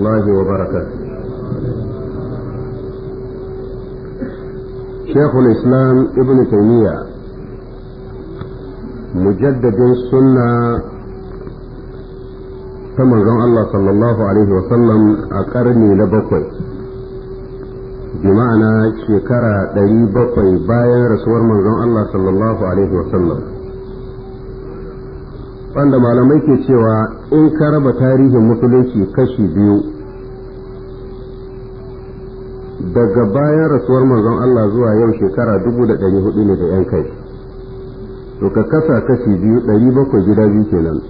الله وبركاته شيخ الإسلام ابن تيمية مجدد السنة كما قال الله صلى الله عليه وسلم أقرني لبقوي بمعنى شكرا دري بقوي باين رسول من الله صلى الله عليه وسلم wanda malamai ke cewa in ka raba tarihin musulunci kashi biyu daga bayan rasuwar manzon Allah zuwa yau shekara dubu da ɗari hudu ne da 'yan kai to ka kasa kashi biyu ɗari bakwai gida biyu kenan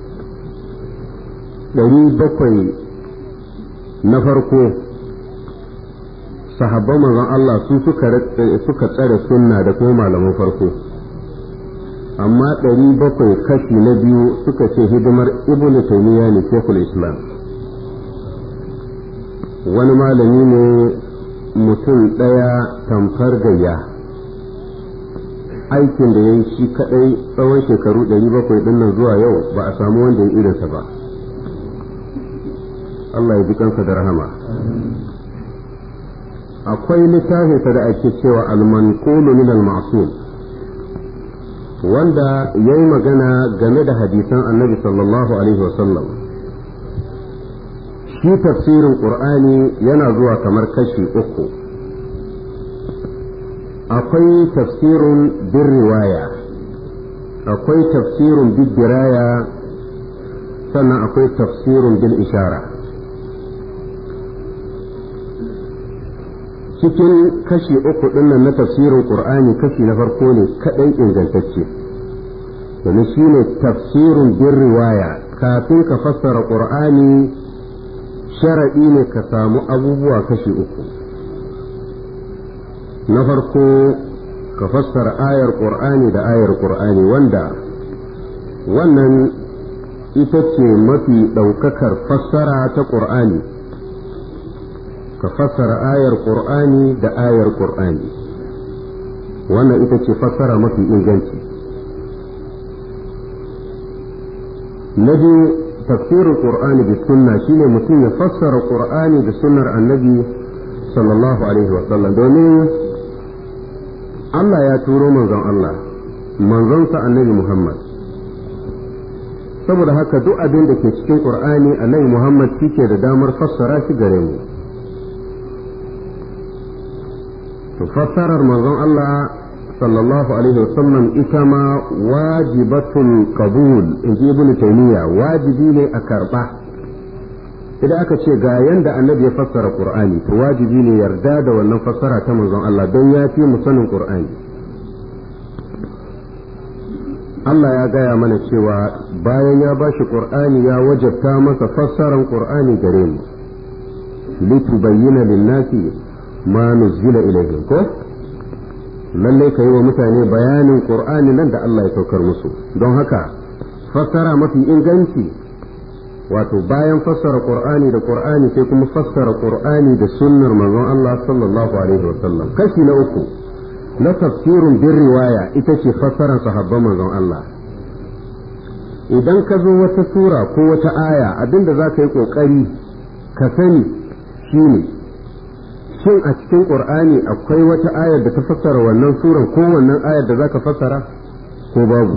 ɗari bakwai na farko sahabban manzon Allah su suka tsare sunna da kuma malaman farko amma ɗari bakwai kashi na biyu suka ce hidimar ibnu taymiya ne shekul islam wani malami ne mutum ɗaya tamfar gayya aikin da ya yi shi kaɗai tsawon shekaru ɗari bakwai ɗin zuwa yau ba a samu wanda ya irinsa ba Allah ya ji kansa da rahama akwai littafinsa da ake cewa almankulu min al-ma'sum wanda ya yi magana game da hadisan annabi sallallahu alaihi wasallam shi tafsirin ƙur'ani yana zuwa kamar kashi uku akwai tafsirin bin riwaya akwai tafsirin bin diraya sannan akwai tafsirin bil ishara cikin kashi uku ɗinnan na tafsirin ƙur'ani kashi na farko ne kaɗai ingantacce domin shi ne tafsirin bin riwaya kafin ka fassara ƙur'ani sharaɗi ne ka samu abubuwa kashi uku na farko ka fassara ayar ƙur'ani da ayar ƙur'ani wanda wannan ita ce mafi ɗaukakar fassara ta ƙur'ani ka fassara ayar qur'ani da ayar qur'ani wannan ita ce fassara mafi inganci na biyu tafsirin qur'ani da sunna shine mutum ya fassara qur'ani da sunnar annabi sallallahu alaihi wasallam domin Allah ya turo manzon Allah manzonsa annabi Muhammad saboda haka duk abin da ke cikin qur'ani annabi Muhammad shi ke da damar fassara shi gare mu fassarar manzon Allah sallallahu alaihi wasallam ita ma wajibatul qabul in ji ibnu taymiya wajibi ne a karba idan aka ce ga yanda annabi ya fassara qur'ani to wajibi ne yarda da wannan fassara ta manzon Allah don ya fi mu sanin qur'ani Allah ya gaya mana cewa bayan ya bashi qur'ani ya wajabta masa fassaran qur'ani gare mu litubayyana lin-nasi ma nuzila ko lallai ka yi wa mutane bayanin qur'ani nan da Allah ya saukar musu don haka fassara mafi inganci wato bayan fassara qur'ani da qur'ani sai kuma fassara qur'ani da sunnar manzon Allah sallallahu alaihi wasallam kashi na uku na tafsirin bin riwaya ita ce fassara sahabban manzon Allah idan ka zo wata sura ko wata aya abinda za ka yi kokari ka sani shine shin a cikin qur'ani akwai wata ayar da ta fassara wannan suran ko wannan ayar da zaka fassara ko babu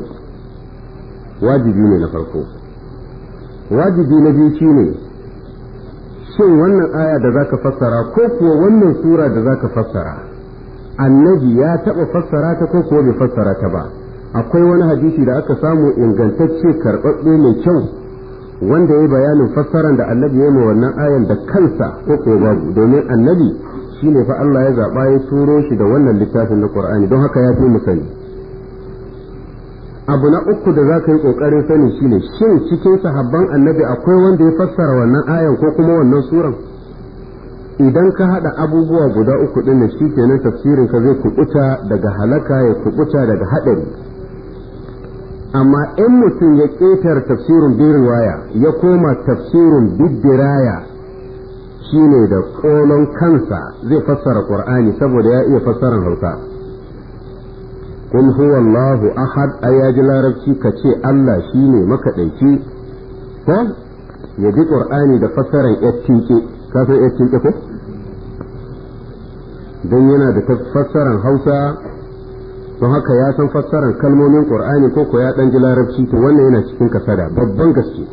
wajibi ne na farko wajibi na biyu ne, shin wannan aya da zaka fassara ko kuwa wannan sura da zaka fassara annabi ya taba fassara ta ko kuwa bai fassara ta ba akwai wani hadisi da aka samu ingantacce karɓaɓɓe mai kyau wanda ya bayanin fassaran da annabi ya wa wannan ayan da kansa ko ko babu domin annabi Shi ne fa Allah ya zaɓa ya turo shi da wannan littafin na Qur'ani don haka ya fi mu sani abu na uku da za ka yi ƙoƙarin sani shine shin cikin sahabban annabi akwai wanda ya fassara wannan ayan ko kuma wannan suran idan ka haɗa abubuwa guda uku ɗin shi kenan tafsirin ka zai kubuta daga halaka ya kubuta daga haɗari amma in mutum ya ƙetar tafsirin bin riwaya ya koma tafsirin bidiraya shine da ƙolon kansa zai fassara qur'ani saboda ya iya fassarar hausa kun wallahu ahad a ya ji larabci ka ce Allah shine makaɗaici ko ya ji qur'ani da fassarar yattike ka san yattike ko don yana da fassarar hausa don haka ya san fassaran kalmomin qur'ani ko ko ya ɗan ji larabci to wannan yana cikin kasada babban gaske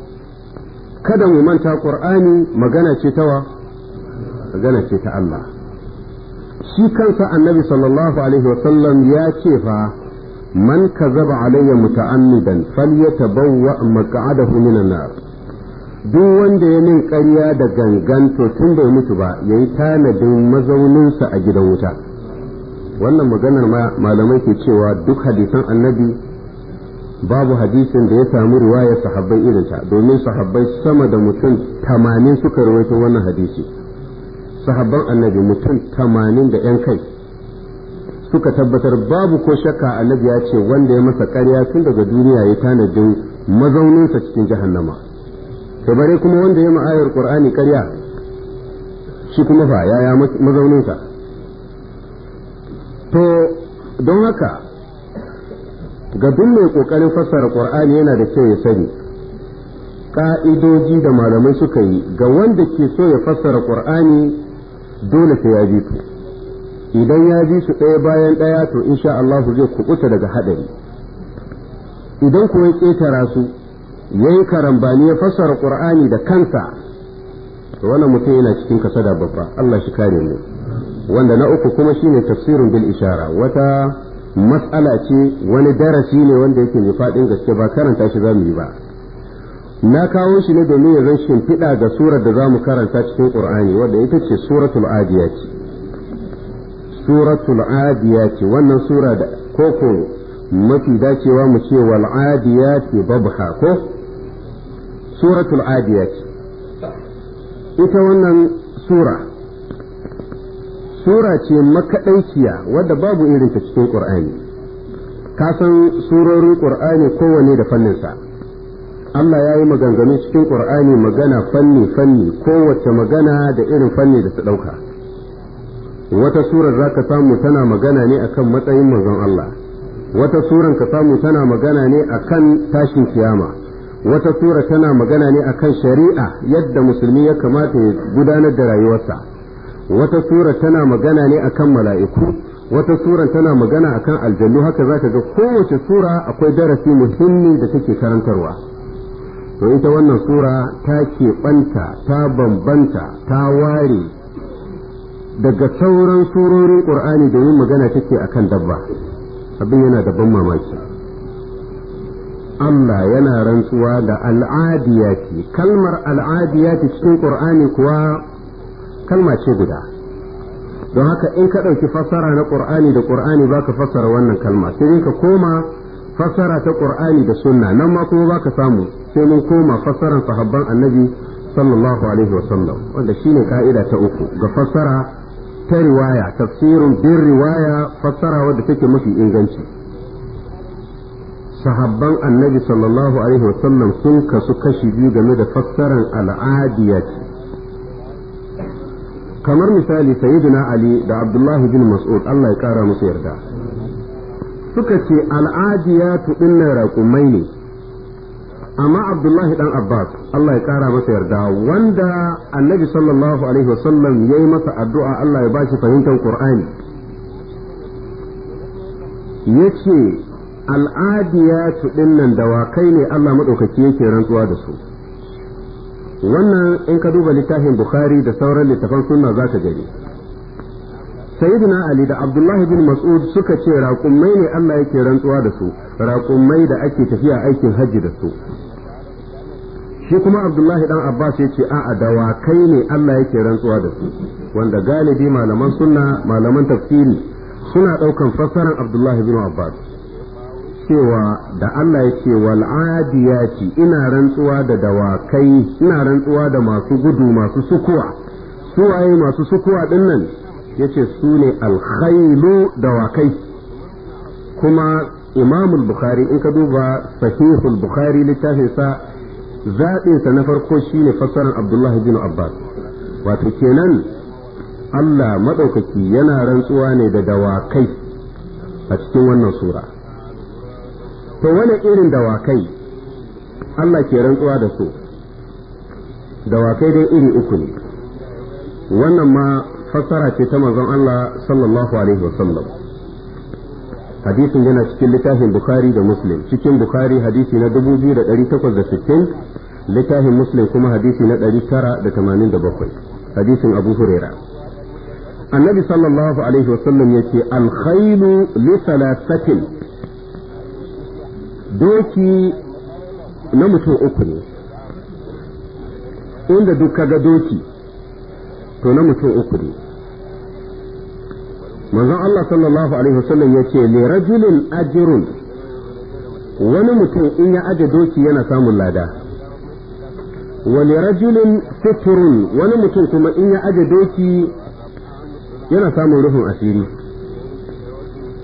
kada mu manta qur'ani magana ce tawa magana ce ta Allah shi kansa annabi sallallahu alaihi wasallam ya ce fa man kazaba alayya muta'ammidan falyatabawwa maq'adahu minan nar duk wanda ya min ƙarya da gangan to tun bai mutu ba yayi tanadin mazauninsa a gidan wuta wannan maganar malamai ke cewa duk hadisan annabi babu hadisin da ya samu riwayar sahabbai irinta domin sahabbai sama da mutum tamanin suka rawaito wannan hadisi sahabban annabi mutum tamanin da yan kai suka tabbatar babu ko shakka annabi ya ce wanda ya masa karya tun daga duniya ya tanadin mazauninsa cikin jahannama to bare kuma wanda ya ma'ayar qur'ani karya shi kuma fa ya mazauninsa to don haka ga duk mai kokarin fassara qur'ani yana da kyau ya sani ka'idoji da malamai suka yi ga wanda ke so ya fassara qur'ani dole sai ya ji su idan ya ji su ɗaya bayan ɗaya to insha Allah zai kubuta daga haɗari idan kuwa ya ƙetara su ya yi karambani ya fassara ƙur'ani da kansa to wannan mutum yana cikin da babba Allah shi kare mu wanda na uku kuma shine tafsirin bil ishara wata matsala ce wani darasi ne wanda yake mai faɗin gaske ba karanta shi za mu yi ba na kawo shi ne domin ya zan shimfiɗa ga surar da za mu karanta cikin ƙur'ani wadda ita ce suratul adiyat suratul adiyat wannan sura da koko mafi dacewa mu ce wal adiyat babha ko suratul adiyat ita wannan sura sura ce makaɗaikiya wadda babu irinta cikin ƙur'ani ka san surorin ƙur'ani kowane da fanninsa Allah ya yi maganganu cikin Ƙur'ani magana fanni fanni kowace magana da irin fanni da su ɗauka wata surar za ka samu tana magana ne akan matsayin manzon Allah wata suran ka samu tana magana ne akan tashin kiyama wata sura tana magana ne akan shari'a yadda musulmi ya kamata ya gudanar da rayuwarsa wata sura tana magana ne akan mala'iku wata sura tana magana akan aljannu haka za ka ga kowace sura akwai darasi muhimmi da take karantarwa to ita wannan sura ta keɓanta ta bambanta ta ware daga sauran surorin ƙur'ani da yin magana take akan dabba abin yana da ban mamaki Allah yana rantsuwa da al'adiyati kalmar al'adiyati cikin ƙur'ani kuwa kalma ce guda don haka in ka ɗauki fassara na ƙur'ani da ƙur'ani baka ka fassara wannan kalma sai ka koma fassara ta qur'ani da sunna nan ma kuma baka samu sai mun koma fassaran sahabban annabi sallallahu alaihi wa wanda shine ka'ida ta uku ga fassara ta riwaya tafsirin bin riwaya fassara wadda take mafi inganci sahabban annabi sallallahu alaihi wa sun kasu kashi biyu game da fassaran al'adiyati kamar misali sayyidina ali da abdullahi bin mas'ud Allah ya kara musu yarda suka ce al'adiyatu dinnan raƙumai ne amma abdullahi dan abbas Allah ya kara masa yarda wanda annabi sallallahu alaihi wasallam ya yi masa addu'a Allah ya bashi fahimtar qur'ani yace al'adiyatu wa dawakai ne Allah maɗaukaki yake rantsuwa da su wannan in ka duba littafin bukhari da sauran littafan sunna ka gani sayyidina ali da abdullahi bin mas'ud suka ce raƙummai ne Allah yake rantsuwa da su raƙummai da ake tafiya aikin hajji da su shi kuma abdullahi dan abbas ya ce a'a dawakai ne Allah yake rantsuwa da su wanda galibi malaman sunna malaman tafsiri suna ɗaukan fassarar abdullahi bin abbas cewa da Allah ya ce wal adiyati ina rantsuwa da dawakai ina rantsuwa da masu gudu masu sukuwa suwaye masu sukuwa dinnan yace su ne alkhailu dawakai kuma imamul bukhari in ka duba sahihul bukhari littafin sa zaɓin sa na farko shine fassarar abdullahi bin abbas wato kenan Allah maɗaukaki yana rantsuwa ne da dawakai a cikin wannan sura to wani irin dawakai Allah ke rantsuwa da su dawakai dai iri uku ne wannan ma fassara ce ta manzon Allah sallallahu alaihi wa sallam hadisin yana cikin littafin bukhari da muslim cikin bukhari hadisi na 2860 littafin muslim kuma hadisi na 987 hadisin abu huraira annabi sallallahu alaihi wa wasallam al alkhailu li salasatin doki na mutum uku ne inda duk kaga doki to na mutum uku ne manzon Allah sallallahu alaihi wasallam ya ce li rajulin ajrun wani mutum in ya aje doki yana samun lada wani rajulin fiturun wani mutum kuma in ya aje doki yana samun ruhun asiri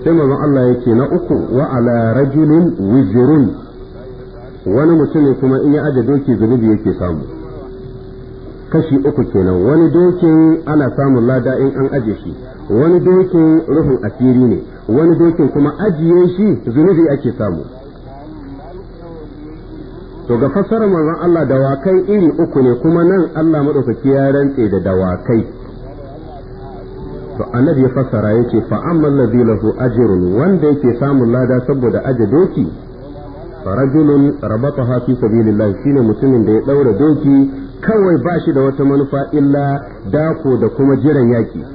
sai mazan Allah ya ce na uku wa ala rajulin wizirun wani mutum ne kuma in ya aje doki zunubi yake samu kashi uku kenan wani dokin ana samun lada in an aje shi wani dokin ruhun asiri ne wani dokin kuma ajiye shi zunubi ake samu to ga fassarar manzon Allah dawakai iri uku ne kuma nan Allah madaukaki ya rantse da dawakai to annabi ya fassara yake fa amman ladhi lahu ajrun wanda yake samun lada saboda aje doki rajulun rabataha fi sabilillah shine mutumin da ya daura doki kawai ba shi da wata manufa illa dako da kuma jiran yaƙi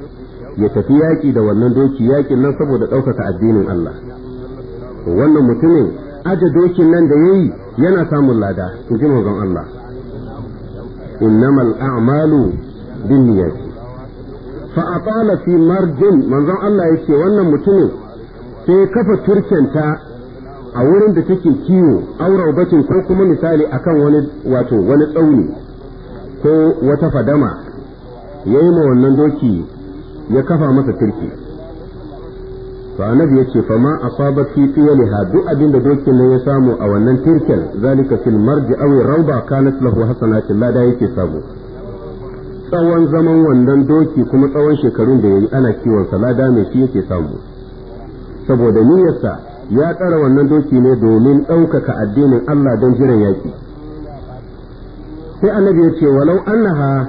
ya tafi yaƙi da wannan doki yaƙin nan saboda ɗaukaka addinin Allah wannan mutumin aje dokin nan da yayi yana samun lada in ji manzon Allah innamal a'malu binniyat fa aqala fi marjin manzon Allah yace wannan mutumin sai kafa turkenta a wurin da take kiwo aurau bakin ko kuma misali akan wani wato wani tsauni ko wata fadama ya yi ma wannan doki ya kafa masa turki to annabi ya ce fama asaba fi fiyaliha duk abin da dokin nan ya samu a wannan turken zalika fil marji aw rauba kanat lahu hasanatin lada yake samu tsawon zaman wannan doki kuma tsawon shekarun da ya yi ana kiwon sa lada mai shi yake samu saboda niyyarsa ya tsara wannan doki ne domin ɗaukaka addinin Allah don jiran yaƙi sai annabi ya ce walau annaha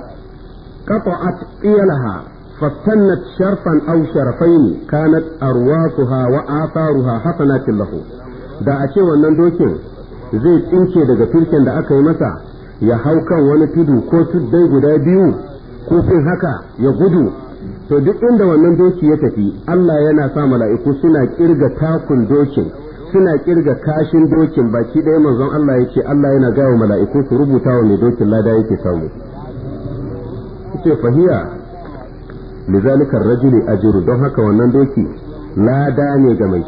qata'at qiyalaha sharfan aw sharfain kanat arwaquha wa atharuha حسنات lahu da a ce wannan dokin zai tsince daga firkin da aka yi masa ya hau kan wani tudu ko tuddai guda biyu ko fin haka ya gudu to duk inda wannan doki ya tafi Allah yana sa mala'iku suna kirga takun dokin suna kirga kashin dokin baki ɗaya manzon Allah ya ce Allah yana gawa mala'iku su rubuta wa mai dokin lada yake samu ce fahiya lizalikar rajuli ajiru don haka wannan doki lada ne ga mai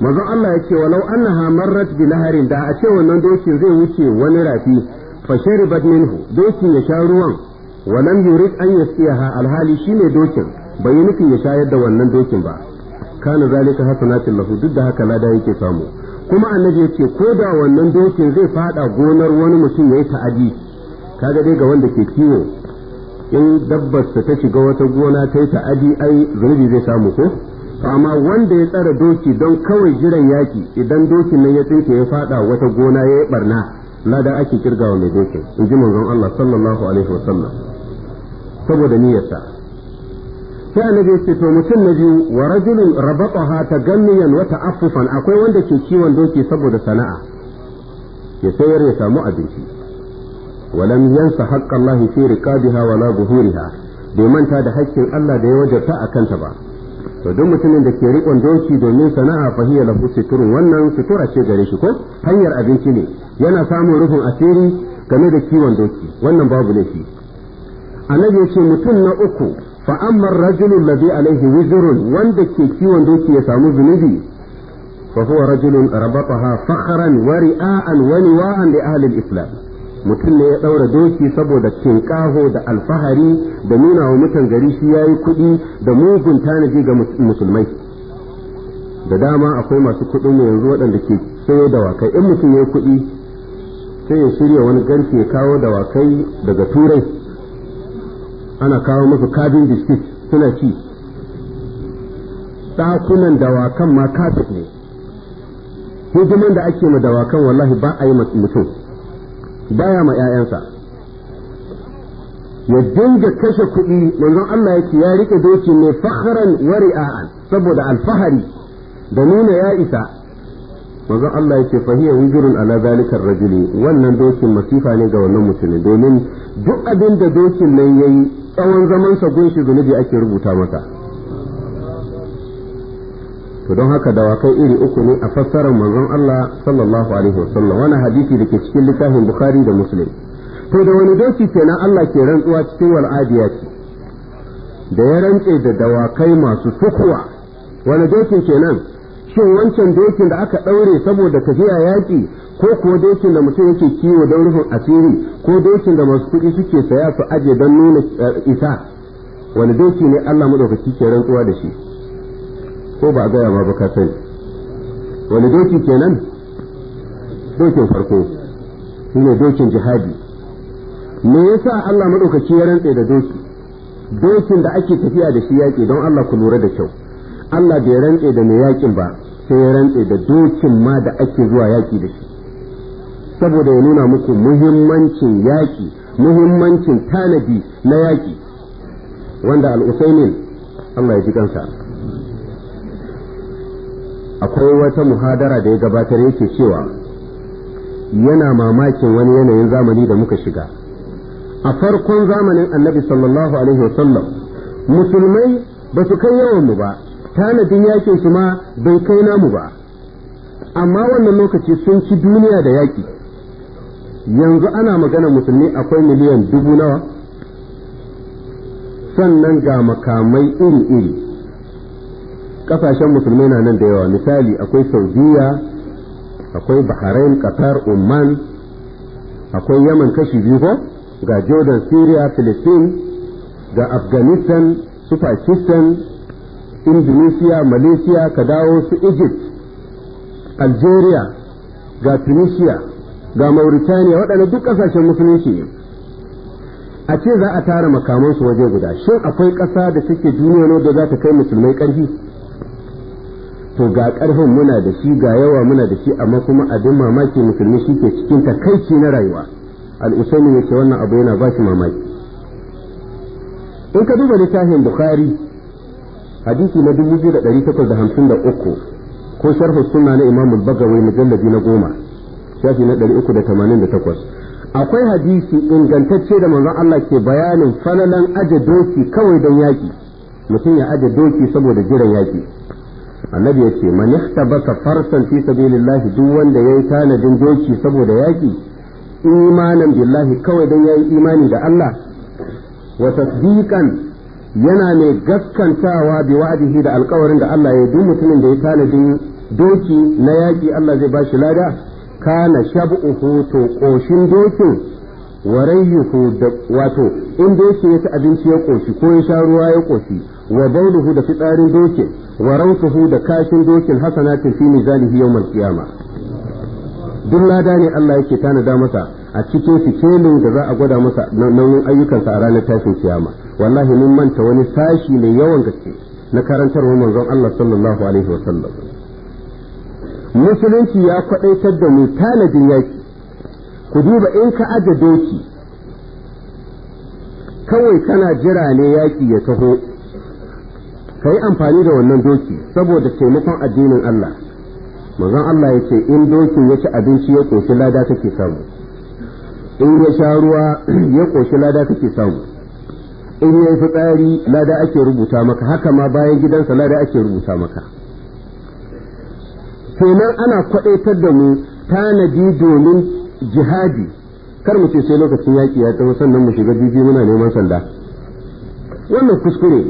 manzon Allah ya ce walau annaha marrat bi laharin da a ce wannan dokin zai wuce wani rafi fa sharibat minhu dokin ya sha ruwan walam yurid an yasiyaha alhali shine dokin bai nufin ya shayar da wannan dokin ba kana zalika hasanatin lahu duk da haka lada yake samu kuma annabi ce ko da wannan dokin zai fada gonar wani mutum ya yi ta'adi kaga dai ga wanda ke kiwo in dabbar ta shiga wata gona ta yi ta'adi ai zunubi zai samu ko amma wanda ya tsara doki don kawai jiran yaki idan dokin nan ya tsinke ya fada wata gona ya yi barna lada ake kirgawa mai dokin in ji manzon Allah sallallahu alaihi wasallam saboda niyyarsa sai annabi ya ce to mutum na biyu wa rajulun ta ganniyan wa ta'affufan akwai wanda ke kiwon doki saboda sana'a ya sayar ya samu abinci walam yansa Allah fi riqabiha wala zuhuriha bai manta da haƙƙin Allah da ya wajarta a kanta ba to duk mutumin da ke riƙon doki domin sana'a hiya lahu siturun wannan sutura ce gare shi ko hanyar abinci ne yana samun rufin asiri game da kiwon doki wannan babu laifi annabi ya ce mutum na uku fa rajulun ladhi alaihi wizrun wanda ke kiwon doki ya samu zunubi fa rajulun rabataha fakhran wa ri'an islam mutum ne ya ɗaura doki saboda kinkaho da alfahari da nuna wa mutan gari shi ya yi kuɗi da mugun tanaji ga musulmai da dama akwai masu kuɗin yanzu waɗanda ke sayo dawakai in mutum ya yi kuɗi sai ya shirya wani garke ya kawo dawakai daga turai ana kawo musu kabin biskit suna ci ɗakunan dawakan ma kafet ne hujjumin da ake ma dawakan wallahi ba a yi mutum baya ma 'ya'yansa ya dinga kashe kuɗi manzon Allah yake ya rike doki ne fakharan wari'a'an saboda alfahari da nuna ya isa manzon Allah yake fahiya wujurin ala zalikar rajuli wannan dokin masifa ne ga wannan mutumin domin duk abin da dokin nan yi. tsawon zaman zamansa gunshi zunubi ake rubuta masa to don haka dawakai iri uku ne a fassarar manzon Allah sallallahu alaihi wasallam wani hadisi da ke cikin littafin Bukhari da Muslim to da wani doki kenan Allah ke rantsuwa cikin wal'adiyati da ya rantse da dawakai masu tukuwa wani doki kenan shin wancan dokin da aka ɗaure saboda tafiya yaƙi ko kuwa dokin da mutum yake kiwo don rufin asiri ko dokin da masu kuɗi suke saya su aje don nuna eh, isa wani doki ne Allah madaukaki ke rantsuwa da shi ko ba a gaya ba ka sani wani doki kenan dokin farko shine dokin jihadi me yasa Allah madaukaki ya rantse da doki dokin da ake tafiya da shi yaƙi don Allah ku lura da kyau Allah bai rantse da mai yakin ba sai ya rantse da dokin ma da ake zuwa yaƙi da shi saboda ya nuna muku muhimmancin yaƙi muhimmancin tanadi na yaƙi wanda al'usaimin Allah ya ji kansa akwai wata muhadara da ya gabatar yake cewa yana mamakin wani yanayin zamani da muka shiga a farkon zamanin annabi sallallahu alaihi wasallam musulmai ba su kai yawan mu ba tanadin yakin su ma bai kai namu ba amma wannan lokaci sun ci duniya da yaƙi. yanzu ana magana musulmi akwai miliyan dubu nawa sannan ga makamai iri-iri kasashen musulmi na nan da yawa misali akwai saudiya akwai bahrain qatar umman akwai yaman kashi biyu ko ga jordan syria philippines ga afghanistan su pakistan indonesia malaysia ka dawo su egypt algeria ga tunisia ga mauritania waɗanda duk ƙasashen musulunci ne a ce za a tara makamansu waje guda shin akwai ƙasa da suke duniya ne da za ta kai musulmai ƙarfi to ga ƙarfin muna da shi ga yawa muna da shi amma kuma abin mamaki musulmi shi ke cikin takaici na rayuwa al'usaini ya ce wannan abu yana ba shi mamaki in ka duba littafin bukhari hadisi na 2853 ko sharh sunna na Imam al-Bagawi mujalladi na goma shafi na 388 akwai hadisi ingantacce da manzon Allah ke bayanin falalan aje doki kawai don yaƙi mutum ya aje doki saboda jiran yaki annabi ya ce man yahtabasa farsan fi sabilillahi duk wanda yayi tanadin doki saboda yaki imanan billahi kawai don yayi imani da Allah wa tasdiqan yana mai gaskantawa bi wa'adihi da alkawarin da Allah ya duk mutumin da ya tanadi doki na yaki Allah zai bashi lada kana shab'uhu to koshin dokin warayuhu da wato in doki ya ci abinci ya koshi ko ya sha ruwa ya koshi wa bauluhu da fitsarin dokin wa rautuhu da kashin dokin hasanatin fi mizalihi yawmal qiyama duk lada ne Allah yake tanada masa a cikin sikelin da za a gwada masa nauyin ayyukansa a ranar tashin kiyama wallahi mun manta wani sashi mai yawan gaske na karantarwa manzon Allah sallallahu alaihi wa sallam musulunci ya kwadaitar da mu tanadin yaki ku duba in ka aje doki kawai kana jira ne yaki ya taho ka yi amfani da wannan doki saboda taimakon addinin Allah manzon Allah ya ce in dokin ya ci abinci ya ƙoshi lada take samu in ya sha ruwa ya ƙoshi lada take samu in yayi fitsari lada ake rubuta maka haka ma bayan gidansa lada ake rubuta maka kenan ana kwadaitar da mu tanadi domin jihadi kar mu ce sai lokacin yaki ya taho sannan mu shiga jiji muna neman sanda wannan kuskure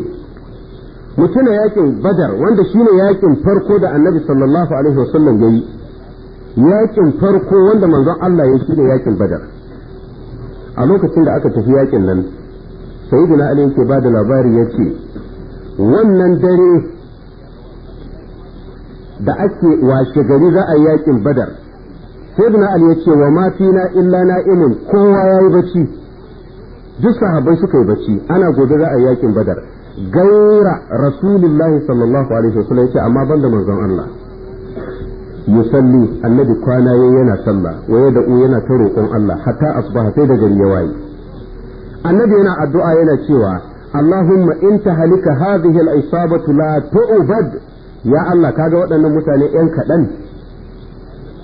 mutuna tuna yakin badar wanda shine yakin farko da annabi sallallahu alaihi wasallam yayi yakin farko wanda manzon Allah ya shine yakin badar a lokacin da aka tafi yakin nan sayyidu ali yake ba da labari ya ce wannan dare da ake washe gari za a yakin badar sayyidina ali ya ce wa mafina illa illa ilin kowa ya yi bacci duk sahabbai suka yi bacci ana gobe za a yakin badar gaira rasulullahi sallallahu alaihi wasallam yace amma banda manzon Allah yusalli annabi kwana yana sallah waye da yana ta roƙon Allah hatta asbaha sai da gari ya waye annabi yana addu'a yana cewa Allahumma in halika hadhihi al-isabatu la tu'bad ya Allah kaga waɗannan mutane yan kaɗan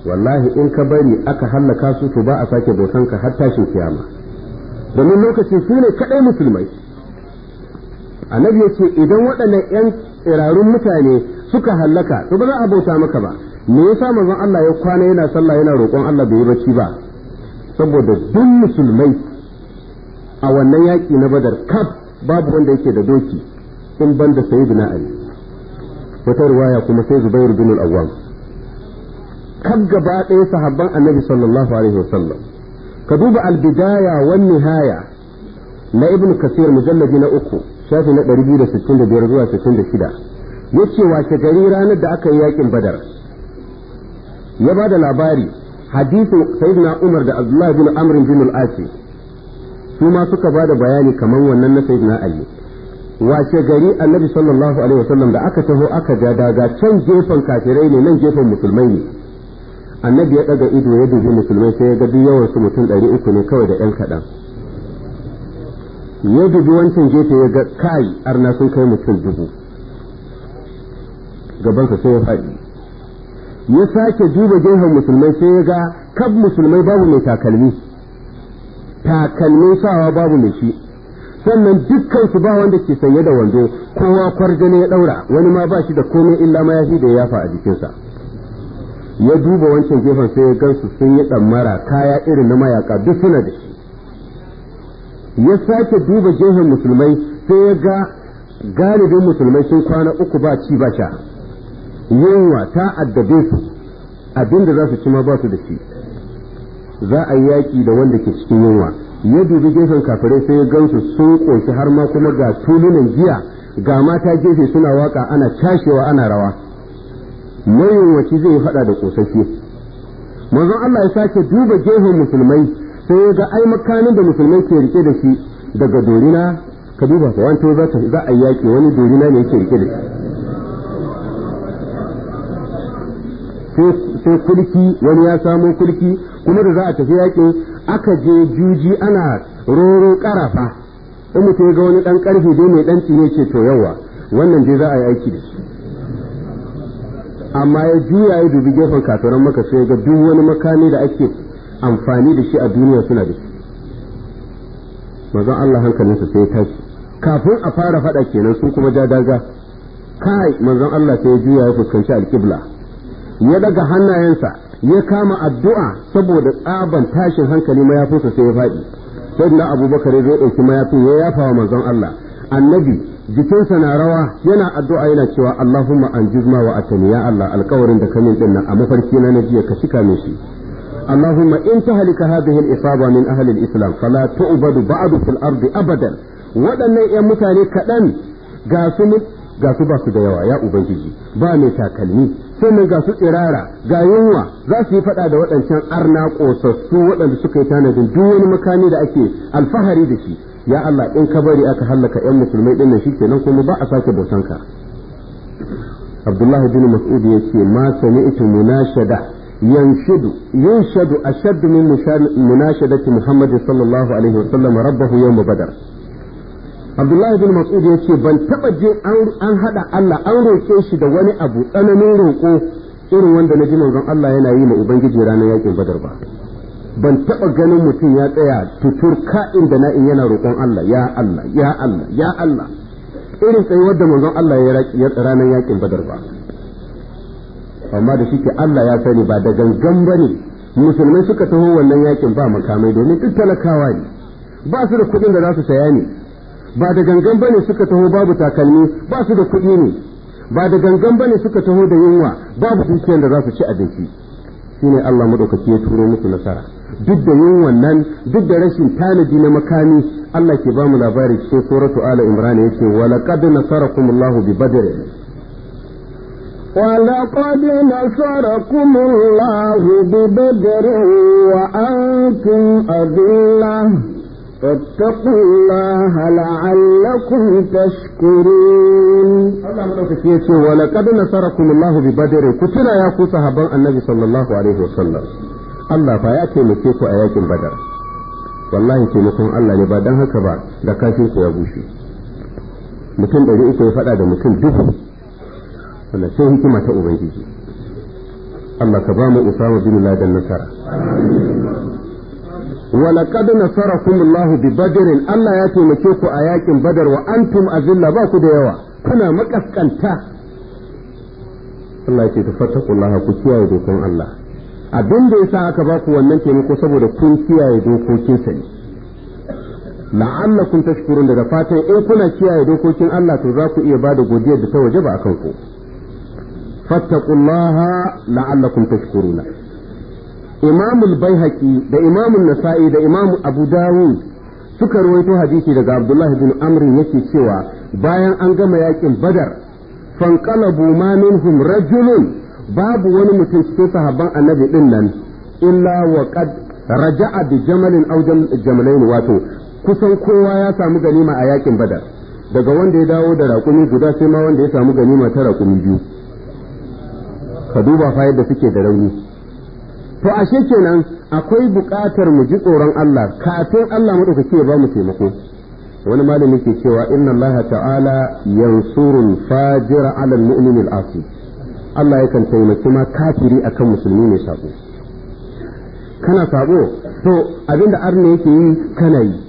wallahi in ka bari aka hallaka su to ba a sake bautan ka har tashin kiyama domin lokacin su ne kaɗai musulmai annabi ya ce idan waɗannan yan tsirarun mutane suka hallaka to ba za a bauta maka ba me yasa manzon Allah ya kwana yana sallah yana roƙon Allah bai yi bacci ba saboda duk musulmai a wannan yaki na badar kaf babu wanda yake da doki in banda sayyidina ali wata ruwaya kuma sai zubairu bin al-awwam kaf gaba ɗaya sahabban annabi sallallahu alaihi wasallam ka duba al-bidaya wan nihaya na ibnu kasir mujallabi na uku shafi na 265 zuwa 66 yace wace gari ranar da aka yi yakin badar ya ba da labari hadisin sayyidina umar da abdullahi bin amr bin al-asi su ma suka ba da bayani kamar wannan na sayyidina ali wace gari annabi sallallahu alaihi wasallam da aka taho aka ga daga can gefen kafirai ne nan gefen musulmai ne annabi ya daga ido ya dubi musulmai sai ya ga duk yawan su mutum 300 uku ne kawai da ɗan kaɗan ya dubi wancan gefe ya ga kai arna sun kai mutum dubu gaban sa sai ya faɗi ya sake duba gefen musulmai sai ya ga kab musulmai babu mai takalmi takalmin sawa babu mai shi sannan dukkan su ba wanda ke sanye da wando kowa kwarjane ya daura wani ma ba shi da komai illa ma ya da yafa a jikinsa ya duba wancan gefen sai ya gansu sun yi tsammara kaya irin na mayaka duk suna da shi ya sake duba gefen musulmai sai ya ga galibin musulmai sun kwana uku ba ci ba sha yunwa ta addabe su abinda za su ci ma ba su da shi za a yi yaƙi da wanda ke cikin yunwa ya dubi gefen kafirai sai ya gansu sun ƙoshi har ma kuma ga tulunan giya ga mata gefe suna waka ana cashewa ana rawa mayunwaci zai faɗa da ƙosashe manzon Allah ya sake duba gefen musulmai sai ya ga ai makanin da musulmai ke rike da shi daga dorina ka duba wanto za a yaƙi wani dorina ne yake rike da shi sai kulki wani ya samo kulki kuma da za a tafi yakin aka je juji ana roro karafa in mutum ya ga wani ɗan ƙarfe dai mai ɗan tsine ce to yawa wannan je za a yi aiki da shi amma ya juya ya dubi gefen kafiran maka sai ga duk wani makami da ake amfani da shi a duniya suna da shi mazan Allah hankalinsa sai ya tashi kafin a fara faɗa kenan sun kuma ja daga kai manzon Allah sai ya juya ya fuskanci alƙibla ya daga hannayensa ya kama addu'a saboda tsaban tashin hankali mayafinsa sai ya faɗi sai na abubakar ya zo ɗauki mayafin ya yafa wa manzon Allah annabi jikinsa na rawa yana addu'a yana cewa Allahumma anjizma wa atani ya Allah alƙawarin da kamin din nan a mafarki na na jiya ka cika mai shi Allahumma in ta halika hadhihi al-isaba min ahli al-islam fala tu'badu ba'du fil ardi abadan waɗannan ƴan mutane kaɗan ga su ga su ba su da yawa ya ubangiji ba mai takalmi sai ga su tsirara ga yunwa za su yi faɗa da waɗancan arna ƙosassu waɗanda suka yi tanadin duk wani makami da ake alfahari da shi ya Allah in ka bari aka hallaka ƴan musulmai ɗin nan shikenan kuma ba a sake bautan ka Abdullahi bin Mas'ud yace ma sami'tu munashada yanshadu yanshadu ashaddu min munashadati Muhammad sallallahu alaihi wa sallam rabbahu yawm badar Abdullahi bin Mas'ud ya ce ban taɓa je an haɗa Allah an roƙe shi da wani abu tsananin roƙo irin wanda na ji manzon Allah yana yi ma Ubangiji ranar yakin Badar ba. Ban taɓa ganin mutum ya tsaya tutur ka'in da na'in yana roƙon Allah ya Allah ya Allah ya Allah irin tsayuwar da manzon Allah ya ranar yakin Badar ba. Amma da shike Allah ya sani ba da gangan bane musulmai suka taho wannan yakin ba makamai domin duk talakawa ne ba su da kuɗin da za su saya ne ba da gangan bane suka taho babu takalmi ba su da kuɗi ne ba da gangan bane suka taho da yunwa babu dukiyar da za su ci abinci shine Allah madaukaki ya turo musu nasara duk da yunwan nan duk da rashin tanadi na makami Allah ke ba bamu labari cikin suratu ala imran yace laqad nasarakumullahu bi badr ولقد نصركم الله ببدر وأنتم أذلة فاتقوا الله لعلكم تشكرون ولقد نصركم الله ببدر كتنا يا كو النبي صلى الله عليه وسلم الله فا يا taimake ku a yakin badar wallahi taimakon Allah ne ba haka ba da kafin ku ya bushe mutum ɗari uku ya faɗa da mutum duhu wanda sai hikima ta ubangiji Allah ka ba mu usama bin da nasara ولقد نصركم الله ببدر الله ياتي مكيكو اياك بدر وانتم اذله باكو ديوا كنا مكسكنتا Allah ce ta fattaku Allah ku kiyaye dokon Allah abin da yasa aka ba ku wannan taimako saboda kun kiyaye dokokin sa ne kun tashkurun daga fatan in kuna kiyaye dokokin Allah to za ku iya ba da godiyar da ta waje ba akan ku fattaku Allah la'allakum tashkuruna imamul Baihaki, da imamul nasa'i da imamu abu dawud suka rawaito hadisi daga abdullahi bin amr yake cewa bayan an gama yakin badar qalabu ma minhum rajulun babu wani mutum cikin sahabban annabi din nan illa wa qad raja'a bi jamalin aw jamalain wato kusan kowa ya samu ganima a yakin badar daga wanda ya dawo da raƙumi guda sai ma wanda ya samu ganima ta raƙumi biyu ka duba fa yadda suke da rauni to ashe kenan akwai buƙatar mu ji tsoron Allah kafin Allah madaukaki ya ba mu taimako wani malami ke cewa inna Allah ta'ala yansurul fajira 'ala al-mu'min al-asi Allah yakan taimaki ma kafiri akan musulmi ne sabo kana sabo to abinda arne yake yi kana yi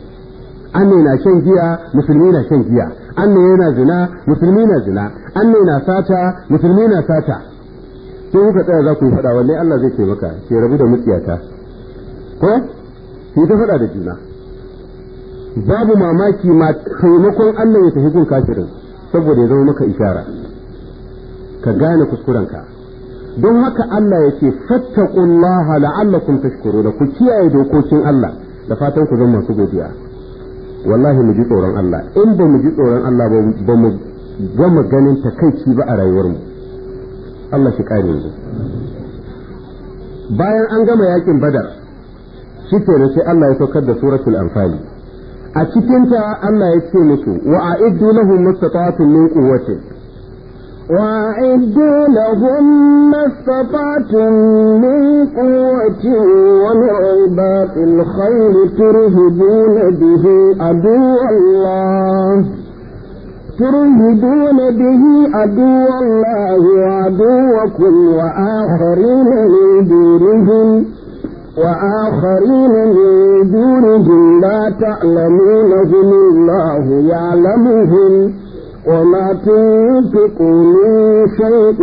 anne na shan giya musulmi na shan giya anne yana zina musulmi na zina anne na sata musulmi na sata sai kuka tsaya za ku yi faɗa wanne Allah zai ce maka ke rabu da mutsiyata ko yi ta faɗa da juna babu mamaki ma taimakon Allah ya tafi gun kafirin saboda ya zama maka ishara ka gane kuskurenka don haka Allah ya ce fattaqullaha la'allakum da ku kiyaye dokokin Allah da fatan ku zama masu godiya wallahi mu ji tsoron Allah in ba mu ji tsoron Allah ba mu gama ganin takaici ba a rayuwarmu Allah shi kare mu bayan an gama yakin badar shi kenan sai Allah ya saukar da suratul anfali a cikin ta Allah ya ce musu wa a'iddu lahum mustata'atun min quwwatin وأعدوا لهم ما استطعتم من قوة ومن رباط الخيل ترهبون به عدو الله ترهبون به عدو الله وعدوكم وآخرين من دونهم وآخرين من دونهم لا تعلمونهم الله يعلمهم وما تنفق من شيء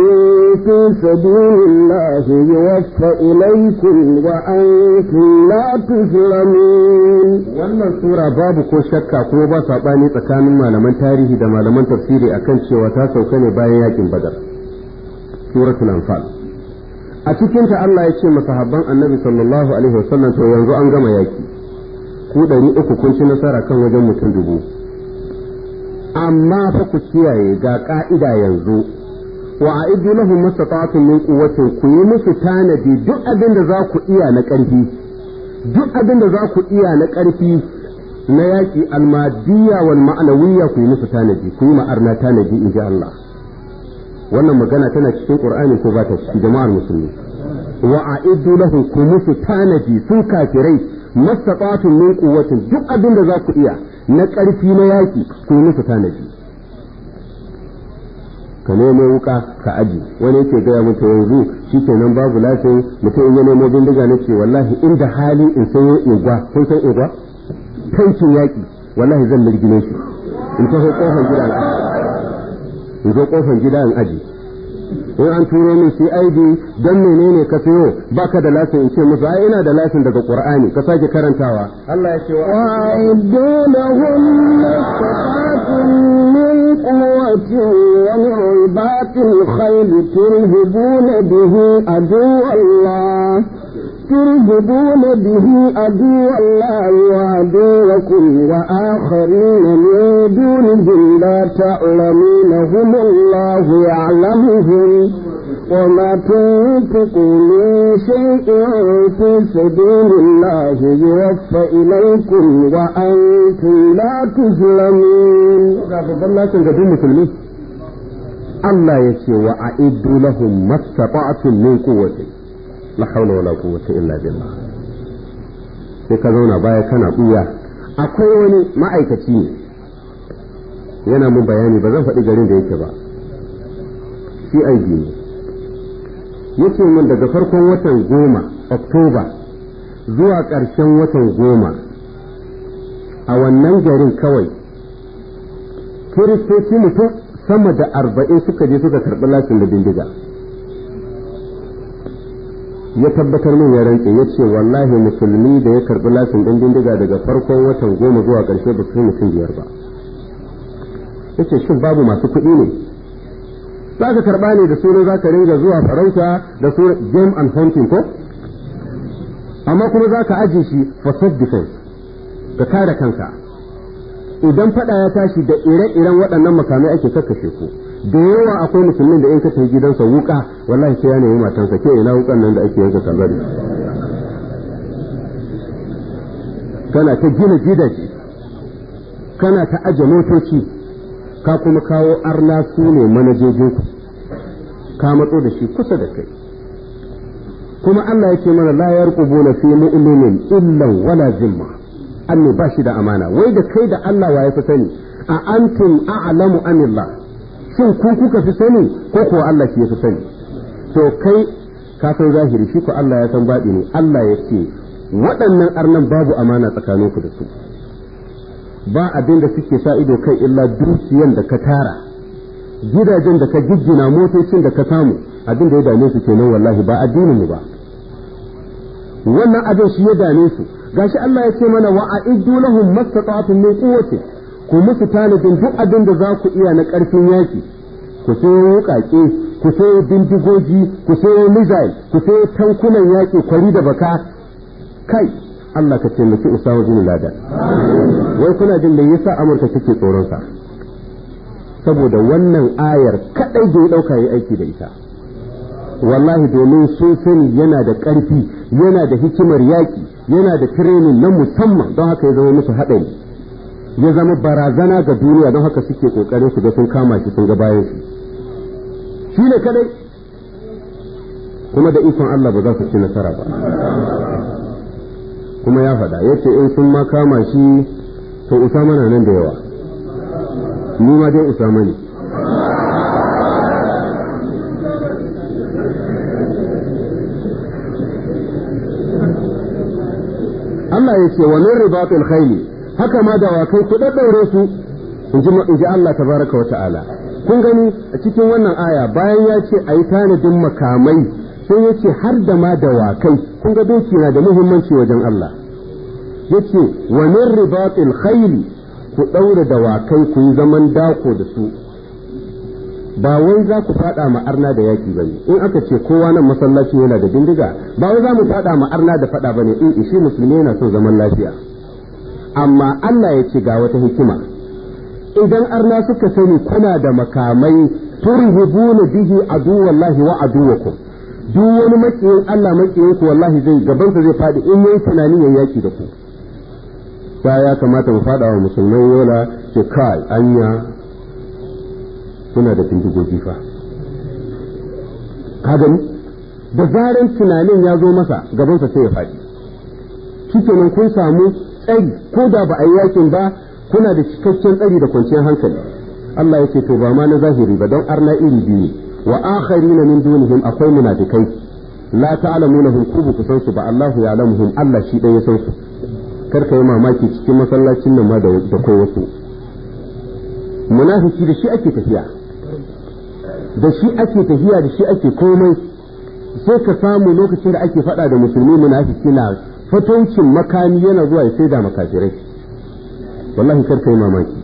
في سبيل الله يوفى إليكم وأنتم لا تظلمون wannan sura babu ko shakka ko ba saɓani tsakanin malaman tarihi da malaman tafsiri akan cewa ta sauka ne bayan yakin badar suratul anfal a cikinta Allah ya ce masahabban annabi sallallahu alaihi wasallam to yanzu an gama yaki ku ɗari uku kun ci nasara kan wajen mutum dubu amma fa ku kiyaye ga ka'ida yanzu wa a'idu lahum mastata'atun min quwwatin ku yi musu tanadi duk abin da za ku iya na ƙarfi duk abin da za ku iya na ƙarfi na yaƙi almadiyya wal ma'nawiyya ku yi musu tanadi ku yi ma'arna tanadi in ji Allah wannan magana tana cikin Qur'ani ko ba ta ciki jama'ar musulmi wa a'idu lahum ku musu tanadi sun kafirai mastata'atun min quwwatin duk abin da za ku iya na ƙarfi na yaƙi ku yi na ji ka nemo wuka ka aji wani yake gaya mata yanzu shi ke nan babu lafiya mutum in ya nemo bindiga na ce wallahi inda hali in sayo igwa kun san igwa tankin yaƙi wallahi zan mirgine shi in taho ƙofar gida in aji in zo ƙofar gida in aji in an turo min shi id don menene ka sayo baka da lasin in ce musu ai ina da lasin daga qur'ani ka sake karantawa Allah ya ce wa aidunahum mastata'tum min quwwatin wa min ribatil khayl turhibuna bihi Allah ترهبون به عدو الله وعدوكم وآخرين من دونهم لا تعلمونهم الله يعلمهم وما تنفقوا من شيء في سبيل الله يوفى إليكم وأنتم لا تظلمون. Allah ya ce wa a iddu lahum mastata'tum min quwwati la haula wala quwwata illa billah sai ka zauna baya kana buya akwai wani ma'aikaci ne yana mun bayani ba zan faɗi garin da yake ba CID ne yake mun daga farkon watan goma Oktoba zuwa ƙarshen watan goma a wannan garin kawai kiristoci mutum sama da arba'in suka je suka karɓi lashin da bindiga ya tabbatar min ya rantse ya ce wallahi musulmi da ya karbi lasin din bindiga daga farkon watan goma zuwa karshe ba su mutum biyar ba ya ce shin babu masu kuɗi ne za ka karɓa ne da sunan za ka ringa zuwa farauta da sunan game and hunting ko amma kuma za ka ajiye shi for self defense ka kare kanka idan faɗa ya tashi da ire-iren waɗannan makamai ake kakkashe ku da yawa akwai musulmin da in ka tafi gidansa wuka wallahi sai ya nemi matansa ke ina wukan nan da ake yanka kallari. kana ta gina gidaje kana ta aje motoci ka kuma kawo arna su ne manajojinku ka matso da shi kusa da kai kuma Allah yake mana la yarqubuna fi mu'minin illa wala zimma annu ba shi da amana wai da kai da Allah wa ya sani a antum a'lamu anillah shin ku kuka fi sani ko ko Allah shi ya fi sani to kai ka san zahiri shi ko Allah ya san baɗi ne Allah ya ce waɗannan arnan babu amana tsakaninku da su ba abin da suke sa ido kai illa dukiyan da ka tara gidajen da ka giggina motocin da ka samu abin da ya dame su kenan wallahi ba addinin mu ba wannan abin shi ya dame su gashi Allah ya ce mana wa a'iddu lahum mastata'tum min quwwati ku musu tanadin duk abin da za ku iya na ƙarfin yaƙi ku sayo wukaƙe ku sayo bindigogi ku sayo missile ku sayo tankunan yaƙi kwari da baka kai Allah ka taimaki Usama bin Laden wai kuna jin me yasa Amurka take tsoron sa saboda wannan ayar kadai da ya dauka yi aiki da ita wallahi domin sun sani yana da ƙarfi yana da hikimar yaƙi yana da tirenin na musamman don haka ya zama musu haɗari ya zama barazana ga duniya don haka suke kokarin su da sun kama shi sun ga bayan shi shi ne kadai kuma da ikon Allah ba za su ci nasara ba kuma ya faɗa yace in sun ma kama shi to Usama na nan da yawa ni ma dai Usama ne Allah ya ce wa min ribatul khayli haka ma dawakai ku daddaure su in ji Allah tabaraka wa ta'ala kun gani a cikin wannan aya bayan ya ce a yi tanadin makamai sai ya ce har da ma dawakai kun ga doki na da muhimmanci wajen Allah ya ce wa min ribatil khayli ku ɗaura dawakai ku yi zaman dako da su ba wai za ku fada ma arna da yaki bane in aka ce kowa nan masallaci yana da bindiga ba wai za mu fada ma arna da fada bane in eh, shi musulmi yana so zaman lafiya amma Allah ya ce ga wata hikima idan arna suka sani kuna da makamai turhibuna bihi aduwallahi wa aduwakum duk wani makiyin Allah makiyin ku wallahi zai gabansa zai fadi in yayi tunani yayi yaki da ku ta ya kamata mu fada wa musulmai yola ce kai anya kuna da bindigogi fa ka gani da zaran tunanin ya zo masa gabansa sai ya fadi shikenan kun samu tsari ko da ba a yi yakin ba kuna da cikakken tsari da kwanciyar hankali Allah yake to ba ma na zahiri ba don arna iri biyu wa akharina min dunihim akwai munafikai la ta'lamunahum ku ba ku san su ba Allah ya alamuhum Allah shi dan ya san su kar ka yi mamaki cikin masallacin nan ma da kai wasu munafiki da shi ake tafiya da shi ake tafiya da shi ake komai sai ka samu lokacin da ake fada da musulmi munafiki na fatoncin makami yana zuwa ya saida makafirai wallahi kar kai mamaki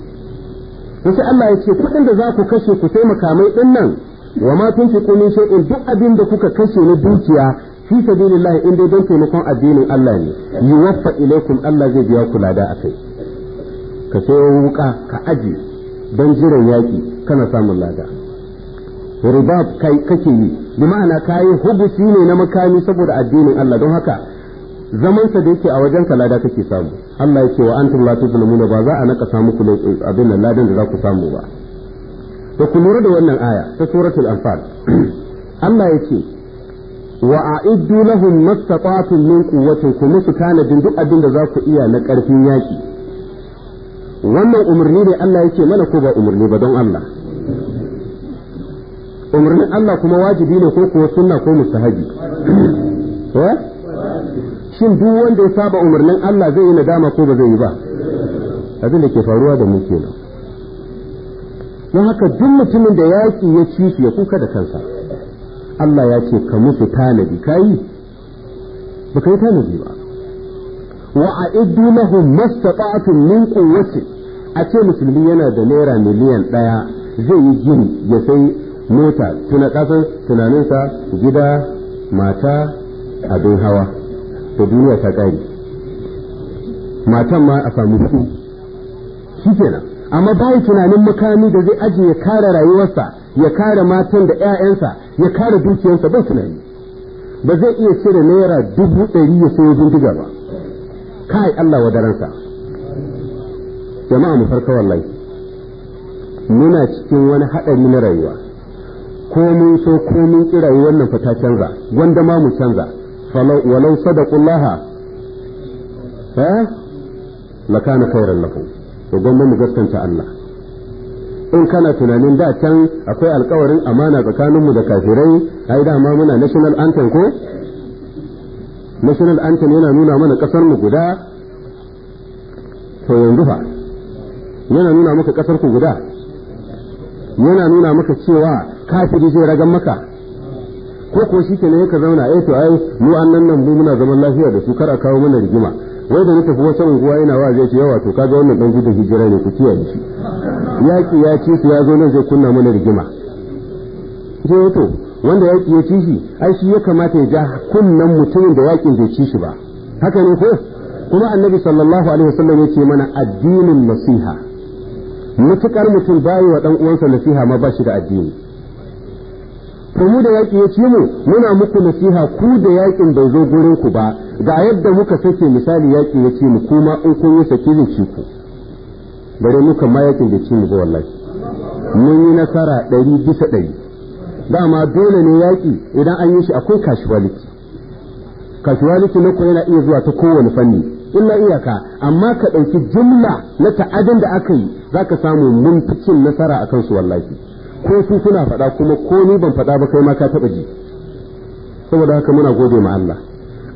sai Allah ya ce kuɗin da za ku kashe ku sai makamai din nan wa ma tunfiqu min shay'in duk abin da kuka kashe na dukiya fi sabilillah in dai don taimakon addinin Allah ne yuwaffa ilaikum Allah zai biya ku lada akai ka sayo wuka ka aje don jiran yaki kana samun lada ribab kai kake yi bi ma'ana kai hubusi ne na makami saboda addinin Allah don haka zaman sa da yake a wajen kalada lada kake samu Allah yake wa antum la tuzlamuna ba za a naka samu ku abin nan ladan da za ku samu ba to ku lura da wannan aya ta suratul anfal Allah yake wa a'iddu lahum mastata'atun min quwwatin ku musu tanadin duk abin da za ku iya na karfin yaki wannan umarni ne Allah yake mana ko ba umarni ba don Allah umarnin Allah kuma wajibi ne ko kuwa sunna ko mustahabi eh shin duk wanda ya saba umarnin Allah zai yi nadama ko ba zai yi ba abin da ke faruwa da mu kenan don haka duk mutumin da yaƙi ya ci shi ya kuka da kansa Allah ya ce ka musu tanadi kayi ba kai tanadi ba wa a'iddu lahum mastata'tum min quwwati a ce musulmi yana da naira miliyan ɗaya zai yi gini ya sai mota tuna ƙasar tunaninsa gida mata abin hawa da duniya ta kare matan ma a samu su shi kenan amma bayan tunanin makami da zai ajiye ya kare rayuwarsa ya kare matan da 'ya'yansa ya kare dukiyarsa bai tunani ba zai iya cire naira dubu ɗari ya sayo bindiga ba kai Allah wa daransa jama'a mu farka wallahi muna cikin wani haɗari na rayuwa ko mun so ko mun ki rayuwar fa ta canza wanda ma mu canza walau sadaqullaha ha lakana khairan lahum to gwamma mu gaskanta Allah in kana tunanin da can akwai alkawarin amana tsakaninmu da kafirai ai ma muna national anthem ko national anthem yana nuna mana kasar mu guda to yanzu fa yana nuna maka kasar ku guda yana nuna maka cewa kafiri zai ragan maka ko ko shi ne yaka zauna eh to ai mu annan nan mu muna zaman lafiya da su kar a kawo mana rigima wai da nake kuma unguwa ina wa zai ce yawa to kaga wannan dan gudun hijira ne ku kiyaye shi yaki ya ci su ya zo nan zai kunna mana rigima je to wanda yaki ya ci shi ai shi ya kamata ya ja kunnan mutumin da yakin bai ci shi ba haka ne ko kuma annabi sallallahu alaihi wasallam ya ce mana addinin nasiha mutukar mutum bai wa dan uwansa nasiha ma ba shi da addini to mu da yaƙi ya ce mu muna muku nasiha ku da yaƙin bai zo gurin ku ba ga yadda muka sake misali yaƙi ya ce mu kuma in kun yi saki zai ci ku bare muka ma yaƙin da ci mu ba wallahi mun yi nasara ɗari bisa ɗari dama dole ne yaƙi idan an yi shi akwai casualty casualty na yana iya zuwa ta kowane fanni illa iyaka amma ka ɗauki jumla na ta'adin da aka yi za ka samu mun nasara akan su wallahi ko su suna faɗa kuma ko ni ban faɗa ba kai ma ka taɓa ji saboda haka muna gode ma Allah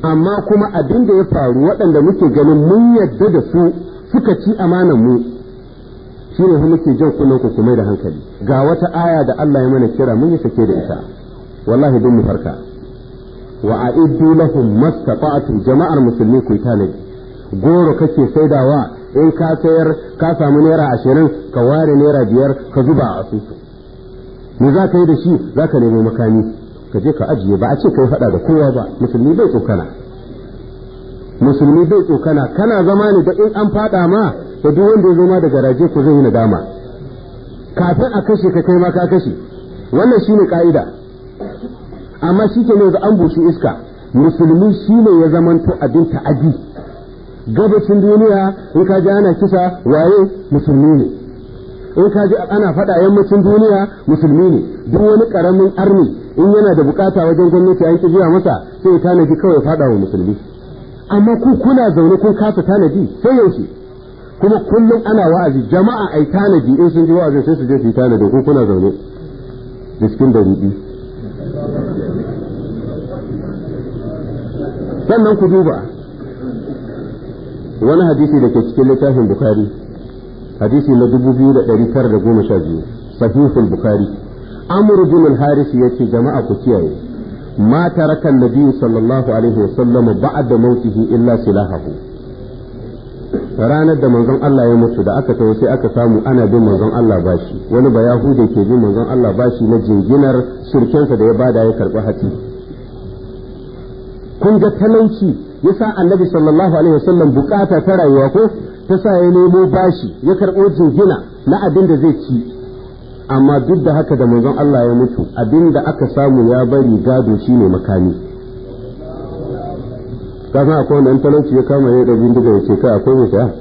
amma kuma abin da ya faru waɗanda muke ganin mun yadda da su suka ci amanan mu shi ne muke jan kunnen kukumai da hankali ga wata aya da Allah ya mana kira mun yi sake da ita wallahi bin mu farka wa a'iddu lahum mastata'tum jama'ar musulmi ku tanadi goro kake saidawa in ka sayar ka samu naira ashirin ka ware naira biyar ka zuba a asusu me za ka yi da shi za ka nemo makami ka je ka ajiye ba a ce ka yi faɗa da kowa ba musulmi bai tsokana musulmi bai tsokana kana zama ne da in an faɗa ma da duk wanda ya zama da garaje ku zai yi nadama kafin a kashe ka kai ma ka kashe wannan shine ka'ida amma shi ke yanzu an bushi iska musulmi shine ya zamanto abin ta'adi gabacin duniya in ka ji ana kisa waye musulmi ne in ka ji ana faɗa yammacin duniya musulmi ne duk wani ƙaramin arni in yana da bukata wajen gwamnati an kijiya masa sai tanadi kawai faɗa wa musulmi amma ku kuna zaune kun kasa tanadi sai yaushe kuma kullum ana wa'azi jama'a ai tanadi in sun ji wa'azi sai su je su yi tanadi ko kuna zaune da cikin sannan ku duba wani hadisi da ke cikin littafin bukari hadisi na dubu biyu da da tara goma ɗari sha biyu sahihul bukhari amr bin al-haris yace jama'a ku kiyaye ma taraka an-nabi sallallahu alaihi wasallam ba'da mautihi illa silahahu ranar da manzon Allah ya mutu da aka tawo sai aka samu ana bin manzon Allah bashi wani ba Huda ke bin manzon Allah bashi na jinginar shirkensa da ya bada ya karbi hati kun ga talauci yasa annabi sallallahu alaihi wasallam bukata ta rayuwa ko ta sa ya nemo bashi ya karɓo jingina na abin da zai ci amma duk da haka da manzon Allah ya mutu abin da aka samu ya bari gado shine makami kafin akwai wanda talauci ya kama ya ɗabi bindiga ya ce kai akwai mai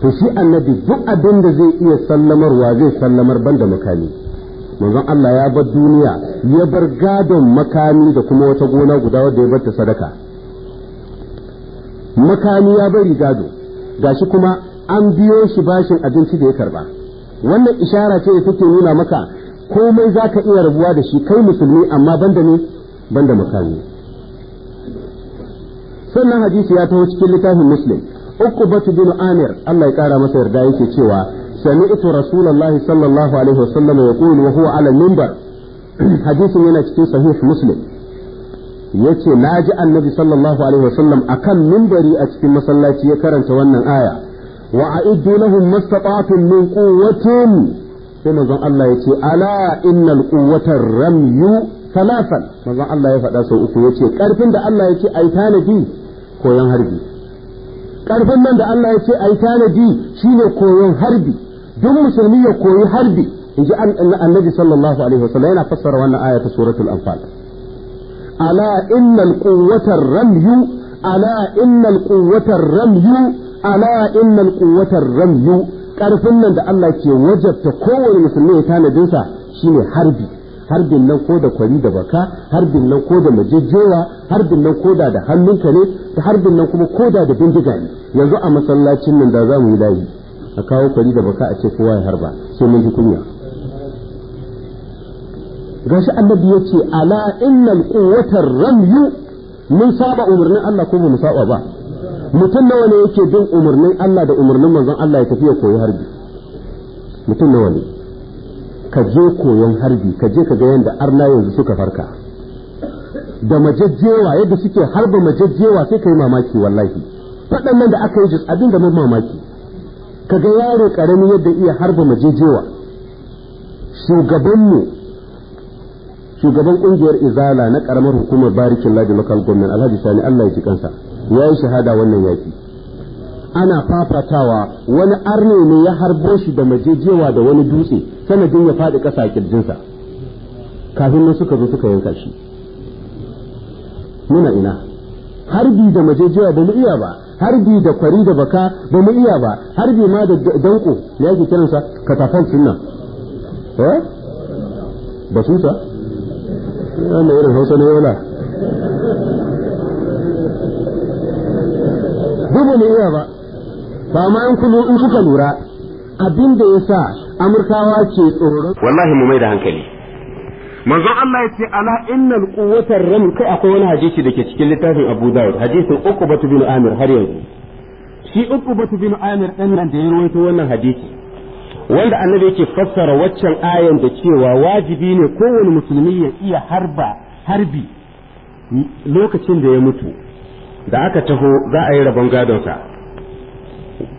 to shi annabi duk abin da zai iya sallamarwa zai sallamar banda makami manzon Allah ya bar duniya ya bar gadon makami da kuma wata gona guda wadda ya bar ta sadaka makami ya bari gado gashi kuma an biyo shi bashin abinci da ya karba wannan ishara ce da take nuna maka komai za ka iya rabuwa da shi kai musulmi amma banda ne banda makami sannan hadisi ya taho cikin littafin muslim uqbatu bin amir Allah ya kara masa yarda yake cewa sami'tu rasulullahi sallallahu alaihi wasallam yaqulu wa huwa ala minbar hadisin yana cikin sahih muslim yace naji annabi sallallahu alaihi wasallam akan minbari a cikin masallaci ya karanta wannan aya wa a'iddu lahum mastata'tum min quwwatin sai manzon Allah yace ala innal quwwata ramyu salasan manzon Allah ya faɗa sau uku yace karfin da Allah yace ai tanadi koyon harbi karfin nan da Allah yace ai tanadi shine koyon harbi duk musulmi ya koyi harbi inji annabi sallallahu alaihi wasallam yana fassara wannan aya ta suratul anfal ala innal quwwatar ramyu ala innal quwwatar ramyu ala innal ramyu karfin nan da Allah ke wajabta kowane musulmi ya tanadin sa shine harbi harbin nan ko da kwari da baka harbin nan ko da majejjewa harbin nan ko da da hannunka ne da harbin nan kuma ko da da bindiga ne yanzu a masallacin nan da za mu yi layi a kawo kwari da baka a ce kowa ya harba sai mun ji kunya gashi annabi yace ala innal quwwatar ramyu mun saba umarnin Allah ko mu saba ba mutum nawa ne yake bin umarnin Allah da umarnin manzon Allah ya tafi ya koyi harbi mutum nawa ne ka je koyon harbi ka je ka ga yanda arna yanzu suka farka da majajjewa yadda suke harba majajjewa sai ka yi mamaki wallahi nan da aka yi jis abin da mamaki kaga yaro ƙarami yadda iya harba majajjewa shugabanmu shugaban kungiyar izala na karamar hukumar barikin ladi local government alhaji sani allah ya ji kansa ya yi shahada wannan yaki ana fafatawa wani arne ne ya harbo shi da majejewa da wani dutse sanadin ya faɗi ƙasa a kirjinsa kafin nan suka zo suka yanka shi muna ina harbi da majejewa ba mu iya ba harbi da kwari da baka ba mu iya ba harbi ma da danko ya ke kiransa katafan sunna eh wannan irin hausa ne yola dubu ne iya ba ba ma in kullu in kuka lura abin da sa amurkawa ke tsoron wallahi mu mai da hankali manzon Allah ya ce ala innal quwwatar ram kai akwai wani hadisi dake cikin littafin Abu Dawud hadisin Uqbah bin Amir har yanzu shi Uqbah bin Amir din nan da ya rawaito wannan hadisi wanda annabi yake fassara waccan ayan da cewa wajibi ne kowane musulmi ya iya harba harbi lokacin da ya mutu da aka taho za a yi rabon gadonsa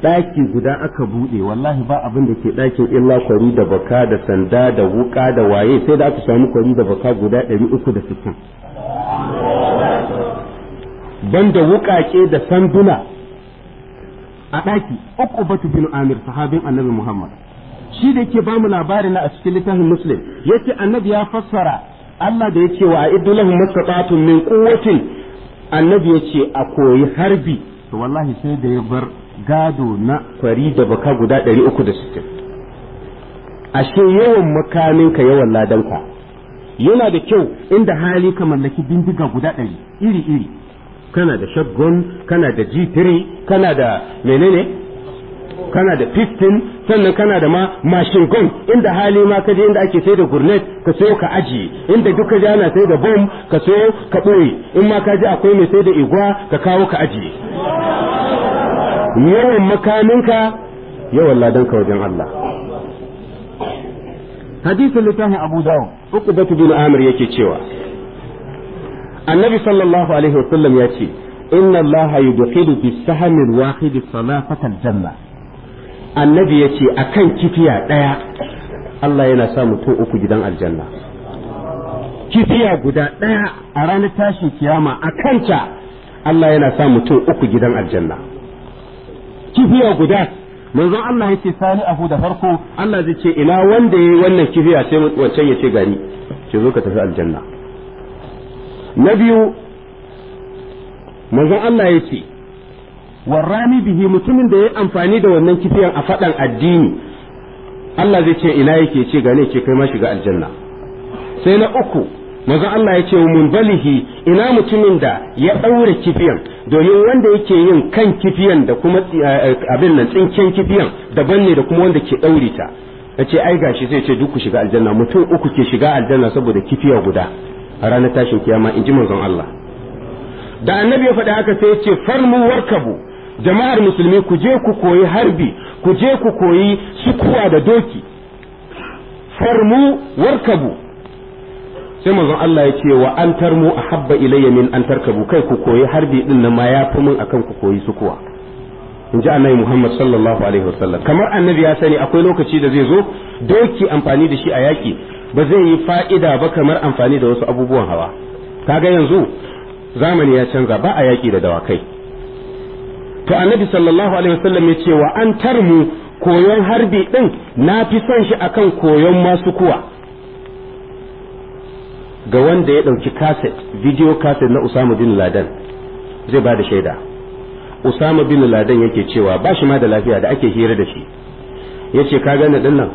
ɗaki guda aka buɗe wallahi ba abin da ke ɗakin illa kwari da baka da sanda da wuka da waye sai da aka samu kwari da baka guda ɗari uku da sittin banda wuƙaƙe da sanduna a ɗaki uku batu bin amir sahabin annabi muhammad shi da yake bamu labarin a cikin littafin muslim yace annabi ya fassara Allah da yake wa a'iddu muskatatun min quwwatin annabi yace a koyi harbi to wallahi sai da ya bar gado na kwari da baka guda 360 ashe yawan ka yawan ladan ka. yana da kyau inda hali ka mallaki bindiga guda ɗari iri iri kana da shotgun kana da g3 kana da menene kana da piston sannan kana da ma machine gun inda hali ma kaje inda ake sai da gurnet ka sayo ka aji inda duka je ana sai da bomb ka sayo ka boye in ma kaje akwai mai sai da igwa ka kawo ka ajiye yawan makaminka yawan ka wajen Allah hadisin littafin Abu Dawud Uqbatu bin Amir yake cewa Annabi sallallahu alaihi wasallam ya ce inna Allah yudkhilu bis sahmi al-wahid salafata al-janna annabi ya ce a kan kifiya ɗaya Allah yana sa mutum uku gidan aljanna kifiya guda ɗaya a ranar tashi kiyama a kanta Allah yana sa mutum uku gidan aljanna kifiya guda manzo Allah ya ce sani abu da farko Allah zai ce ina wanda ya wannan kifiya sai wancan ya ce gari ke zo ka tafi aljanna na biyu Allah ya ce warrami bihi mutumin da ya amfani da wannan kifiyan a faɗan addini Allah zai ce ina yake ce gane ke kai ma shiga aljanna sai na uku maza Allah ya ce mun balihi ina mutumin da ya ɗaure kifiyan domin wanda yake yin kan kifiyan da kuma eh, abin nan tsinken kifiyan daban ne da kuma wanda ke daure ta yace ai gashi sai ce duk ku shiga aljanna mutum uku ke shiga aljanna saboda kifiya guda a ranar tashin kiyama inji manzon Allah da annabi ya faɗi haka sai ya ce farmu warkabu jama'ar musulmi ku je ku koyi harbi ku je ku koyi sukuwa da doki farmu warkabu sai manzon Allah ya ce wa an tarmu a habba ilayya min an tarkabu kai ku koyi harbi din nan ma ya fi mun akan ku koyi sukuwa in ji annabi Muhammad sallallahu alaihi wasallam kamar annabi ya sani akwai lokaci da zai zo doki amfani da shi a yaki ba zai yi fa'ida ba kamar amfani da wasu abubuwan hawa kaga yanzu zamani ya canza ba a yaki da dawakai to annabi sallallahu alaihi wasallam ya ce wa an tarmu koyon harbi din na fi son shi akan koyon masu kuwa ga wanda ya ɗauki kaset video kaset na Usama bin Laden zai ba shaida Usama bin Laden yake cewa ba shi ma da lafiya da ake hira da shi yace ka gane din nan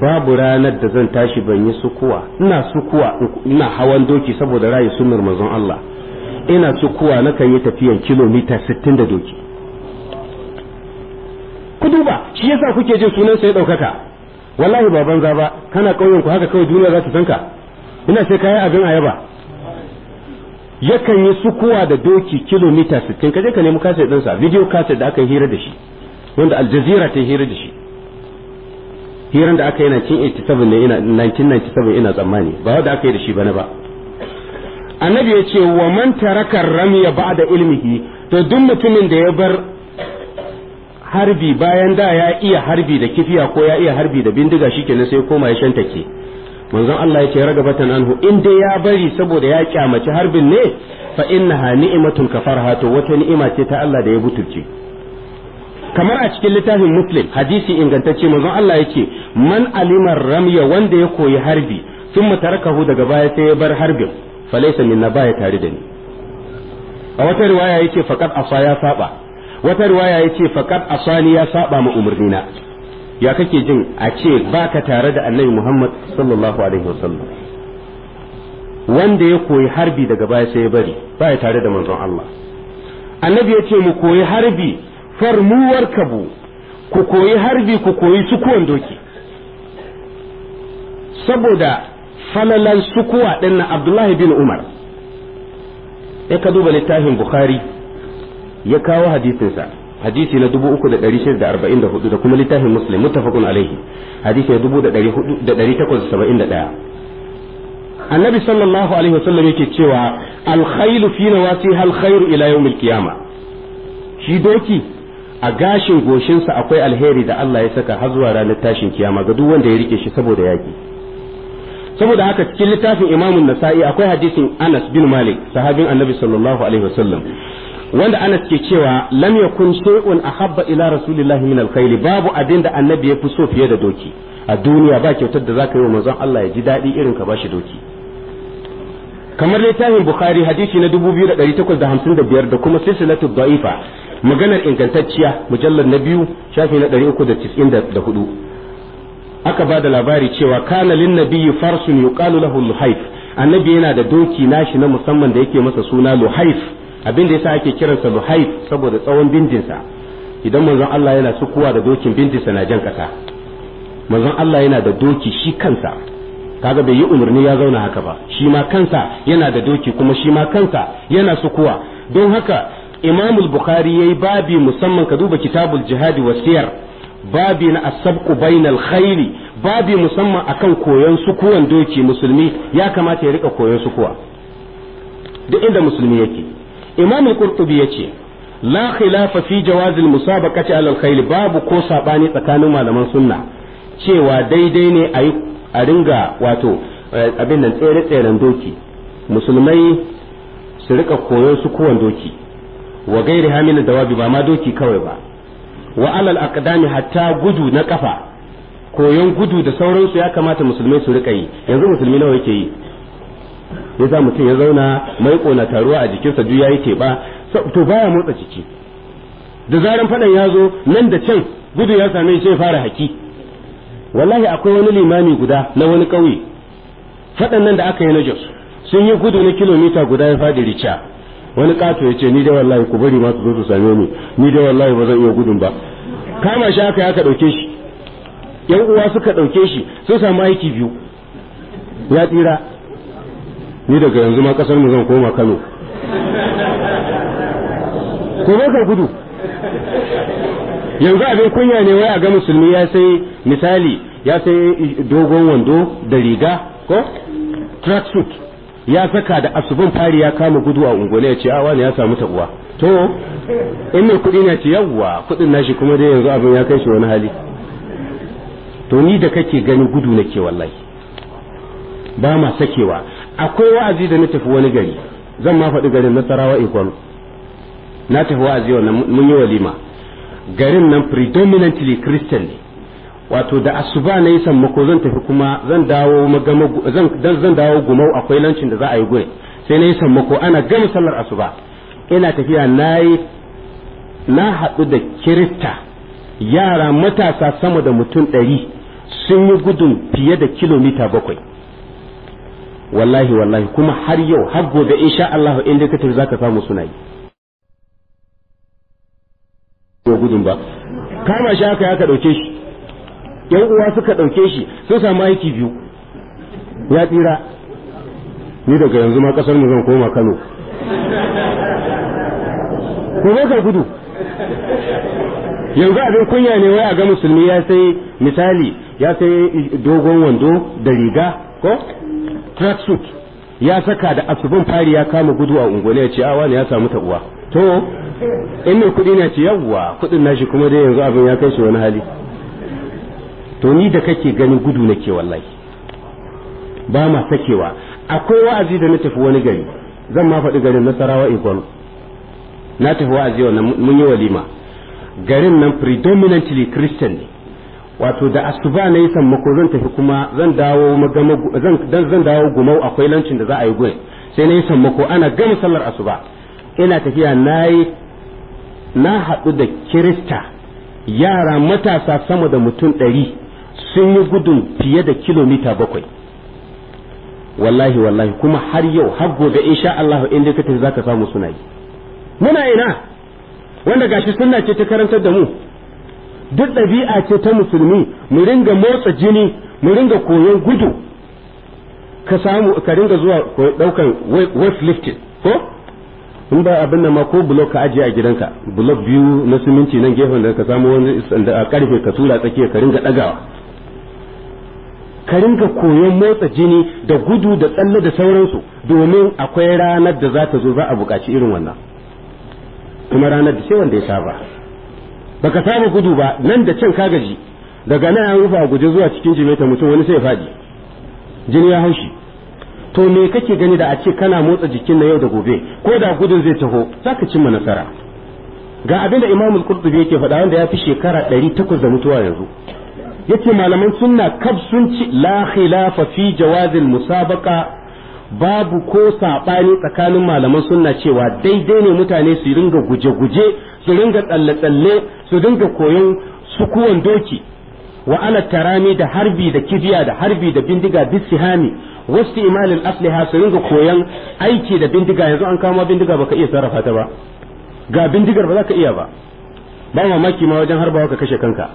babu ranar da zan tashi ban yi sukuwa ina sukuwa ina hawan doki saboda rayu sunnar manzon Allah ina cikuwa na kan yi tafiyan kilomita 60 da doki ku duba shi yasa kuke jin sunan sai daukaka wallahi ba banza ba kana kauyen ku haka kawai duniya za ta sanka ina sai kayi abin ayaba yakan yi sukuwa da doki kilomita 60 kaje ka nemi kaset ɗinsa video kaset da aka hira da shi wanda aljazira ta hira da shi hiran da aka yi 1987 ne ina 1997 ina tsammani ba wanda aka yi da shi ne ba annabi ya ce wa man taraka ramya ba'da ilmihi to duk mutumin da ya bar harbi bayan da ya iya harbi da kifiya ko ya iya harbi da bindiga shikenan sai koma ya ke manzon Allah ya ce ragabatan anhu in dai ya bari saboda ya kyamaci harbin ne fa innaha ni'matun kafarha to wata ni'ima ce ta Allah da ya butulce kamar a cikin littafin muslim hadisi ingantacce manzon Allah ya ce man alimar ramya wanda ya koyi harbi sun tarakahu daga baya sai ya bar harbin falaisa minna baya tare da ni a wata riwaya yace faqad asa ya saba wata riwaya yace asa ni ya saba ma umarnina ya kake jin a ce baka tare da annabi Muhammad sallallahu alaihi wasallam wanda ya koyi harbi daga baya sai ya bari baya tare da manzon Allah annabi ya ce mu koyi harbi farmuwar kabu ku koyi harbi ku koyi sukuwan doki saboda falalan sukuwa din na abdullahi bin umar ya ka duba littafin bukhari ya kawo hadisinsa hadisi na 3644 da kuma littafin muslim mutafakun alaihi hadisi na 1871 annabi sallallahu alaihi wasallam yake cewa alkhailu fi nawasi hal khairu ila yawmil qiyama shi doki a gashin goshinsa akwai alheri da Allah ya saka har zuwa ranar tashin kiyama ga duk wanda ya rike shi saboda yaki saboda haka cikin littafin imamun nasa'i akwai hadisin anas bin malik sahabin annabi sallallahu alaihi wasallam wanda anas ke cewa lam yakun shay'un ahabba ila rasulillahi min alkhairi babu abin da annabi ya fi so fiye da doki a duniya ba kyautar da zaka yi wa manzon Allah ya ji daɗi irin ka bashi doki kamar littafin bukhari hadisi na 2855 da kuma silsilatu da'ifa maganar ingantacciya mujallar na biyu shafi na 394 aka ba da labari cewa kana lin nabiyyi farsun yuqalu lahu luhayf annabi yana da doki nashi na musamman da yake masa suna luhaif abinda da yasa ake kiransa luhaif saboda tsawon bindinsa idan manzon Allah yana sukuwa da dokin bindinsa na jan kasa manzon Allah yana da doki shi kansa kaga bai yi umarni ya zauna haka ba shi ma kansa yana da doki kuma shi ma kansa yana sukuwa don haka imamul bukhari yayi babi musamman ka duba kitabul jihadi wasiyar babi na asabqu bainal khairi babi musamman akan koyon sukuwan doki musulmi ya kamata ya rika koyon sukuwa duk inda musulmi yake imam al-qurtubi yace la khilafa fi jawazil musabaqati ala al-khayl babu ko sabani tsakanin malaman sunna cewa daidai ne a a ringa wato eh, abin nan tsere tseren doki musulmai su rika koyon sukuwan doki wa gairi hamilin dawabi ba ma doki kawai ba wa alal aqdami hatta gudu na kafa koyon gudu da sauransu ya kamata musulmai su rika yi yanzu musulmi nawa yake yi ya za mutum ya zauna mai kona taruwa a jikinsa ya yi teba to baya motsa jiki da zaran fadan ya zo nan da can gudu ya same shi ya fara haki wallahi akwai wani limami guda na wani ƙauye faɗan nan da aka yi na Jos sun yi gudu na kilomita guda ya fadi rica wani kato ya ce ni da wallahi ku bari ma su zo su same ni ni da wallahi ba zan iya gudun ba kama shi aka ka dauke shi yan uwa suka dauke shi sun samu aiki biyu ya tsira ni daga yanzu ma kasar mu zan koma Kano ko ba ka gudu yanzu abin kunya ne wai a ga musulmi ya sai misali ya sai dogon wando da riga ko tracksuit ya saka da asubin fari ya kama gudu a ungole ya ce a ah, ne ya samu tabuwa to in mai kuɗi ne ce yawwa kuɗin nashi kuma dai yanzu abin ya kai shi wani hali to ni da kake gani gudu na ke wallahi ba ma sakewa akwai wa'azi da na tafi wani gari zan ma faɗi garin na tsarawa ikon na tafi wa'azi wannan mun yi walima garin nan predominantly christian ne wato da asuba na yi sammako zan tafi kuma zan dawo magama zan zan dawo gumau akwai lancin da za a yi gure sai na yi sammako ana gama sallar asuba ina tafiya na na haɗu da kirista yara matasa sama da mutum ɗari sun yi gudun fiye da kilomita bakwai wallahi wallahi kuma har yau har gobe insha Allah in dai ka tafi zaka samu suna yi gudun ba kama shi haka ya ka ɗauke shi yan uwa suka ɗauke shi sun samu aiki biyu ya tsira ni daga yanzu ma ƙasar mu zan koma kano ko ka gudu yanzu abin kunya ne wai a ga musulmi ya sai misali ya sai dogon wando da riga ko tracksuit ya saka da asubin fari ya kama gudu a unguwa ya ce awa ah, ne ya samu tabuwa to in mai kudi na ce yawwa kudin nashi kuma dai yanzu abin ya kai shi wani hali to ni da kake gani gudu nake wallahi ba ma sakewa akwai wa'azi da na tafi wani gari zan ma faɗi garin nasarawa ikon na tafi wa'azi wannan mun yi walima garin nan predominantly christian ne wato da asuba na yi sammako zan tafi kuma zan dawo zan zan dawo gumau akwai lancin da za a yi gure sai na yi sammako ana gama sallar asuba ina tafiya na yi na haɗu da kirista yara matasa sama da mutum ɗari sun yi gudun fiye da kilomita bakwai wallahi wallahi kuma har yau har gobe insha Allah in dai kace zaka samu suna yi muna ina wanda gashi sunna ce ta karantar da mu duk ɗabi'a ce ta musulmi mu ringa motsa jini mu ringa koyon gudu ka samu ka ringa zuwa ɗaukan lifting ko in ba abin nan ma ko block ka ajiye a gidanka bulok biyu na siminti nan gefen da ka samu wani a karfe ka tura tsakiya ka ringa dagawa ka rinka koyon motsa jini da gudu da tsalle da sauransu domin akwai ranar da za ta zo za a buƙaci irin wannan kuma ranar da sai wanda ya saba baka saba gudu ba nan da can ka gaji daga nan an rufa guje zuwa cikin jimeta mutum wani sai ya faɗi jini ya haushi to me kake gani da a ce kana motsa jikin na yau da gobe ko da gudun zai taho za ka cimma nasara ga abin da imamul kurtubi yake faɗa wanda ya fi shekara ɗari takwas da mutuwa yanzu yace malaman sunna kaf sun ci la khilafa fi jawazil musabaqa babu ko sabani tsakanin malaman sunna cewa daidai ne mutane su ringa guje-guje su ringa tsalle-tsalle su ringa koyon sukuwan doki wa ala tarami da harbi da kibiya da harbi da bindiga bisihami wasu imalin asliha su ringa koyon aiki da bindiga yanzu an kama bindiga baka iya sarrafa ta ba ga bindigar ba za ka iya ba ba mamaki ma wajen harbawa ka kashe kanka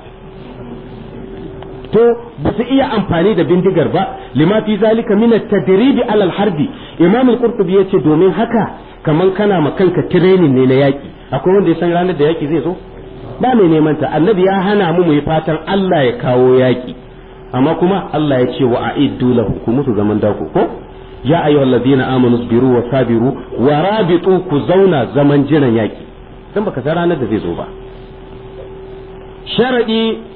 to ba su iya amfani da bindigar ba lima fi zalika min at-tadribi ala al-harbi imam al-qurtubi yace domin haka kaman kana ma kanka training ne na yaki akwai wanda ya san ranar da yaki zai zo ba mai neman ta annabi ya hana mu mu fatan Allah ya kawo yaki amma kuma Allah ya ce wa a'iddu lahu ku musu zaman dako ko ya ayyuhallazina amanu sabiru wa sabiru wa rabitu ku zauna zaman jiran yaki dan baka san ranar da zai zo ba sharadi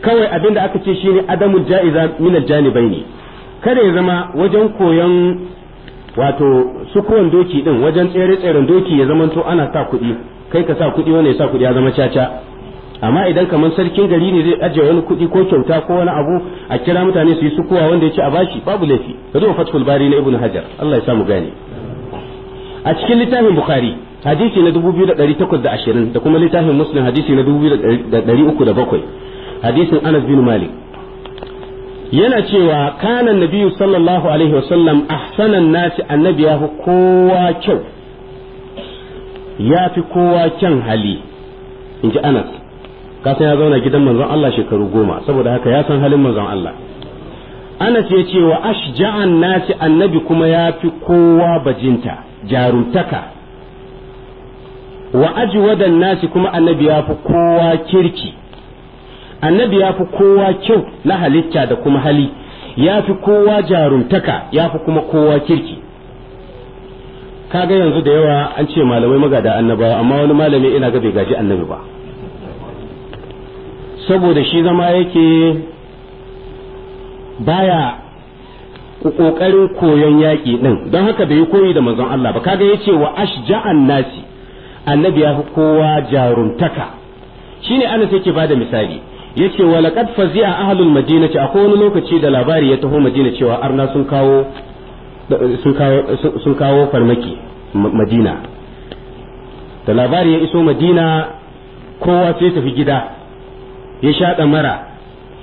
kawai abin da aka ce shi ne Adamu ja'iza min ne kada ya zama wajen koyon wato sukuwan doki din wajen tsere tseren doki ya zamanto ana sa kuɗi kai ka sa kuɗi wanda ya sa kuɗi ya zama caca amma idan kamar sarkin gari ne zai ajiye wani kuɗi ko kyauta ko wani abu a kira mutane su yi sukuwa wanda ya ci a bashi babu laifi ka zo fatul bari na ibnu hajar Allah ya samu gane a cikin littafin bukhari hadisi na 2820 da kuma littafin muslim hadisi na 2307 hadisin Anas bin Malik yana cewa kana nabiyyu sallallahu alaihi wasallam ahsanan nasi annabi ya fi kowa kyau ya fi kowa kyan hali in ji anas kasan ya zauna gidan manzon Allah shekaru goma saboda haka ya san halin manzon Allah anas ya ce wa ashja'an nasi annabi kuma ya fi kowa bajinta jarumtaka wa ajwadan nasi kuma annabi ya fi kowa kirki annabi ya fi kowa kyau na halitta da kuma hali ya fi kowa jaruntaka ya fi kuma kowa kirki kaga yanzu da yawa an ce malamai magada annabawa amma wani malami ina ga bai gaji annabi ba saboda shi zama yake baya kokarin koyon yaƙi din don haka bai yi koyi da manzon Allah ba kaga yace wa ashja'an nasi annabi ya fi kowa jaruntaka shine sai yake bada misali yace wa laqad fazi'a ahlul madinati akwai wani lokaci da labari ya taho madina cewa arna sun kawo sun kawo sun kawo farmaki madina da labari ya iso madina kowa sai tafi gida ya sha mara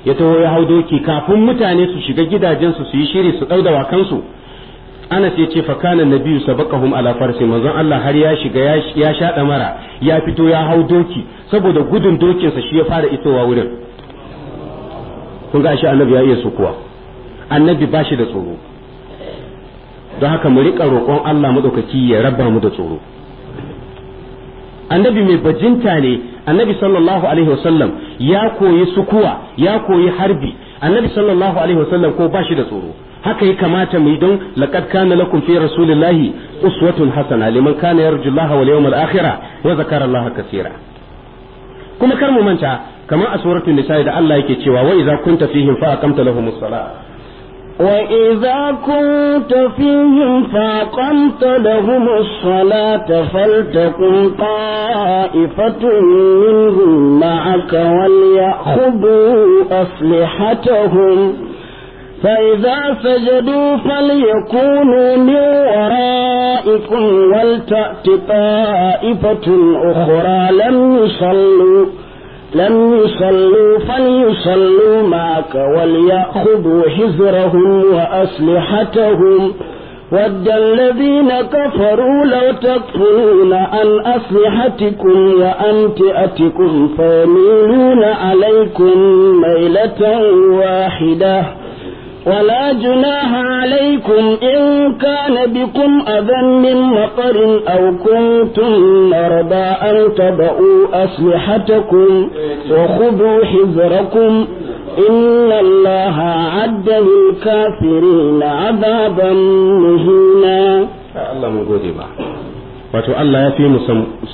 ya taho ya hau doki kafin mutane su shiga gidajensu su yi shiri su ɗau wakansu. Anas ya ce fakana nabiyu sabaqahum ala farsi manzon Allah har ya shiga ya sha mara ya fito ya hau doki saboda gudun dokinsa shi ya fara isowa wurin kun ga shi annabi ya iya sukuwa annabi ba shi da tsoro don haka mu rika roƙon Allah madaukaki ya rabba mu da tsoro annabi mai bajinta ne annabi sallallahu alaihi wasallam ya koyi sukuwa ya koyi harbi annabi sallallahu alaihi wasallam ko ba shi da tsoro haka ya kamata mu yi don laqad kana lakum fi rasulillahi uswatun hasana liman kana yarju Allah wal yawmal akhirah wa zakara Allah katira kuma kar mu manta kamar a suratul nisa da Allah yake cewa wa idza kunta fihim fa aqamta lahumus salat fa aqamta فيهم فأقمت لهم الصلاة qa'ifatun minhum ma'aka wal ya'khudhu aslihatahum فإذا سجدوا فليكونوا من ورائكم ولتأت طائفة أخرى لم يصلوا لم يصلوا فليصلوا معك وليأخذوا حذرهم وأسلحتهم ود الذين كفروا لو تكفرون عن أسلحتكم وأمتئتكم فيميلون عليكم ميلة واحدة ولا جناح عليكم إن كان بكم أذى من مطر أو كنتم مرضى أن تضعوا أسلحتكم وخذوا حذركم إن الله أعد للكافرين عذابا مهينا الله من gode ba wato Allah ya fi mu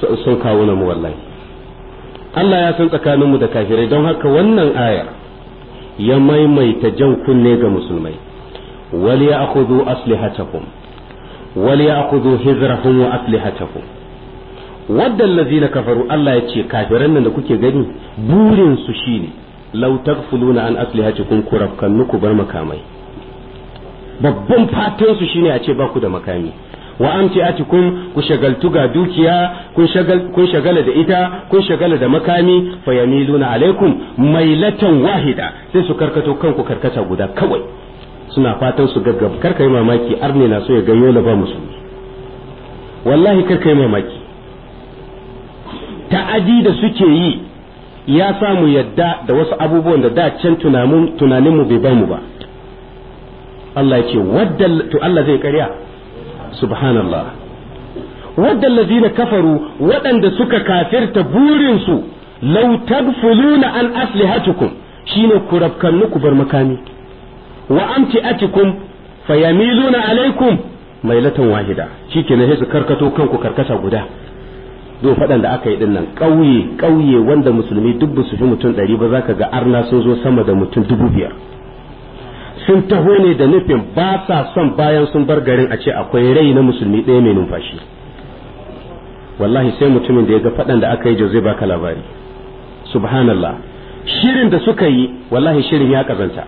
son kawo mu wallahi Allah ya san tsakaninmu da kafirai don haka wannan ayar ya maimaita jan kunne ga musulmai wal ya'khudhu aslihatahum wal ya'khudhu hizrahum wa aslihatakum wadda allazina kafaru Allah ya ce kafiran nan da kuke gani burin su shine law tagfuluna an aslihatakum kurafkannu ku bar makamai babban fatan su shine a ce ba ku da makami wa amtiatikum ku shagaltu ga dukiya kun shagal shagala da ita kun shagala da makami fa yamiluna alaikum mailatan wahida sai su karkato kanku karkata guda kawai suna fatan su gaggab karka yi mamaki arne na so ya ga yola ba musulmi wallahi karka yi mamaki ta'adi da suke yi ya samu yadda da wasu abubuwan da da can tunaninmu bai bamu ba Allah ya ce wadda to Allah zai karya subhanallah wadda ladina kafaru waɗanda suka kafirta burinsu lautar fuluna an shi shine ku rafkannu ku bar makami wa fayamilu na alaikum mai latan wahida shikenan na su karkato kanku karkasa guda do faɗan da aka yi din nan ƙauye ƙauye wanda musulmi duk su fi mutum ɗari ba za ka ga arna sun zo sama da mutum dubu biyar sun taho ne da nufin ba sa son bayan sun bar garin a ce akwai rai na musulmi ɗaya mai numfashi wallahi sai mutumin da ya ga faɗan da aka yi ba ka labari subhanallah shirin da suka yi wallahi shirin ya kazanta